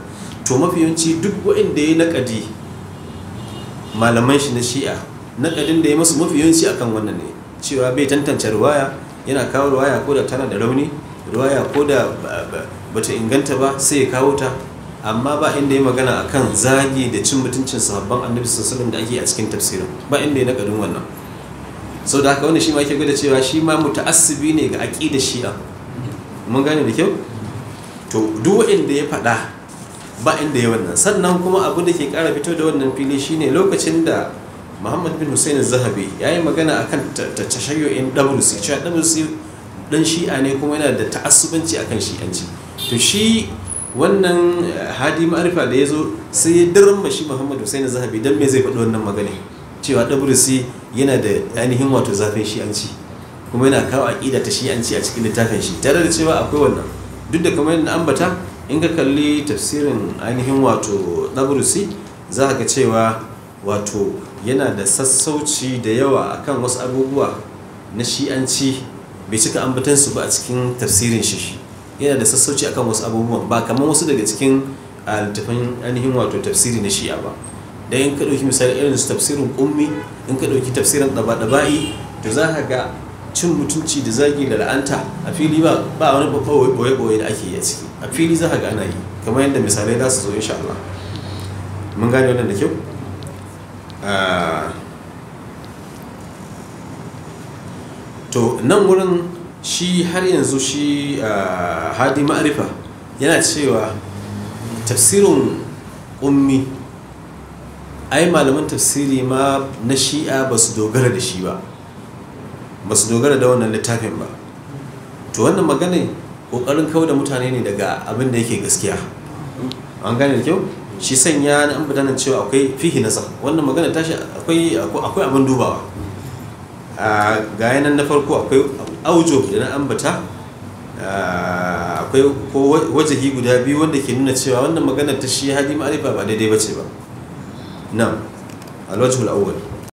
to mafi yawanci duk wa'inda ya naƙadi malaman shi na shi'a naƙadin da ya masu mafi yawanci akan wannan ne cewa bai tantance ruwaya yana kawo ruwaya ko da tana da rauni ruwaya ko da bata inganta ba sai ya kawo ta amma ba inda ya magana a kan zagi da cin mutuncin sahabban annabi sallallahu da ake a cikin tafsirin ba inda ya nakadin wannan sau da haka wanda shi ma ke gwada cewa shi ma muta'assibi ne ga da shi'a mun gane da kyau to duwa inda ya faɗa ba inda ya wannan sannan kuma abu da ke ƙara fito da wannan fili ne lokacin da Muhammad bin Hussein Zahabi ya yi magana a kan akan tashayyu'in WC cewa WC ɗan shi'a ne kuma yana da ta'assubanci kan shi'anci to shi wannan eh, hadi ma'arifa da ya zo sai ya dirma shi sai na zahabi don me zai faɗi wannan magana cewa ɗabrisi yana da ainihin wato zafin shi'anci kuma yana kawo aƙida ta shi'anci a cikin littafin shi tare da cewa akwai wannan duk da kamar yadda ambata in ka kalli tafsirin ainihin wato ɗabrisi za ka cewa wato yana da sassauci da yawa akan wasu abubuwa na shi'anci bai cika ambatansu ba a cikin tafsirin shi yana da sassauci akan wasu abubuwan ba kamar wasu daga cikin ah, littafin ainihin wato tafsiri na shi'a ba da in ka ɗauki misali irin su tafsirin ƙummi in ka ɗauki tafsirin ɗaba-ɗaba'i to za ka ga cin mutunci da zagi da la'anta a fili ba ba wani babban boye-boye da ake yi a ciki a fili za ka ga ana yi kamar yadda misalai za su zo insha Allah mun gane wannan da kyau ah, to nan wurin shi har yanzu shi ah, hadi ma'arifa yana cewa tafsirin ummi ai malaman tafsiri ma na shi'a ba su dogara da shi ba ba su dogara da wannan littafin ba to wannan magana kokarin kawo da mutane ne daga abin da yake gaskiya an gane da kyau shi sanya na an badanan cewa akwai fihi nasa wannan magana tashi akwai abin dubawa ah, ga gayanan na farko akwai aujo da na ambata ah, akwai ko wajahi guda biyu wanda ke nuna cewa wannan maganar ta shi hadi ma'arifa ba daidai ce ba na alwajhul awwal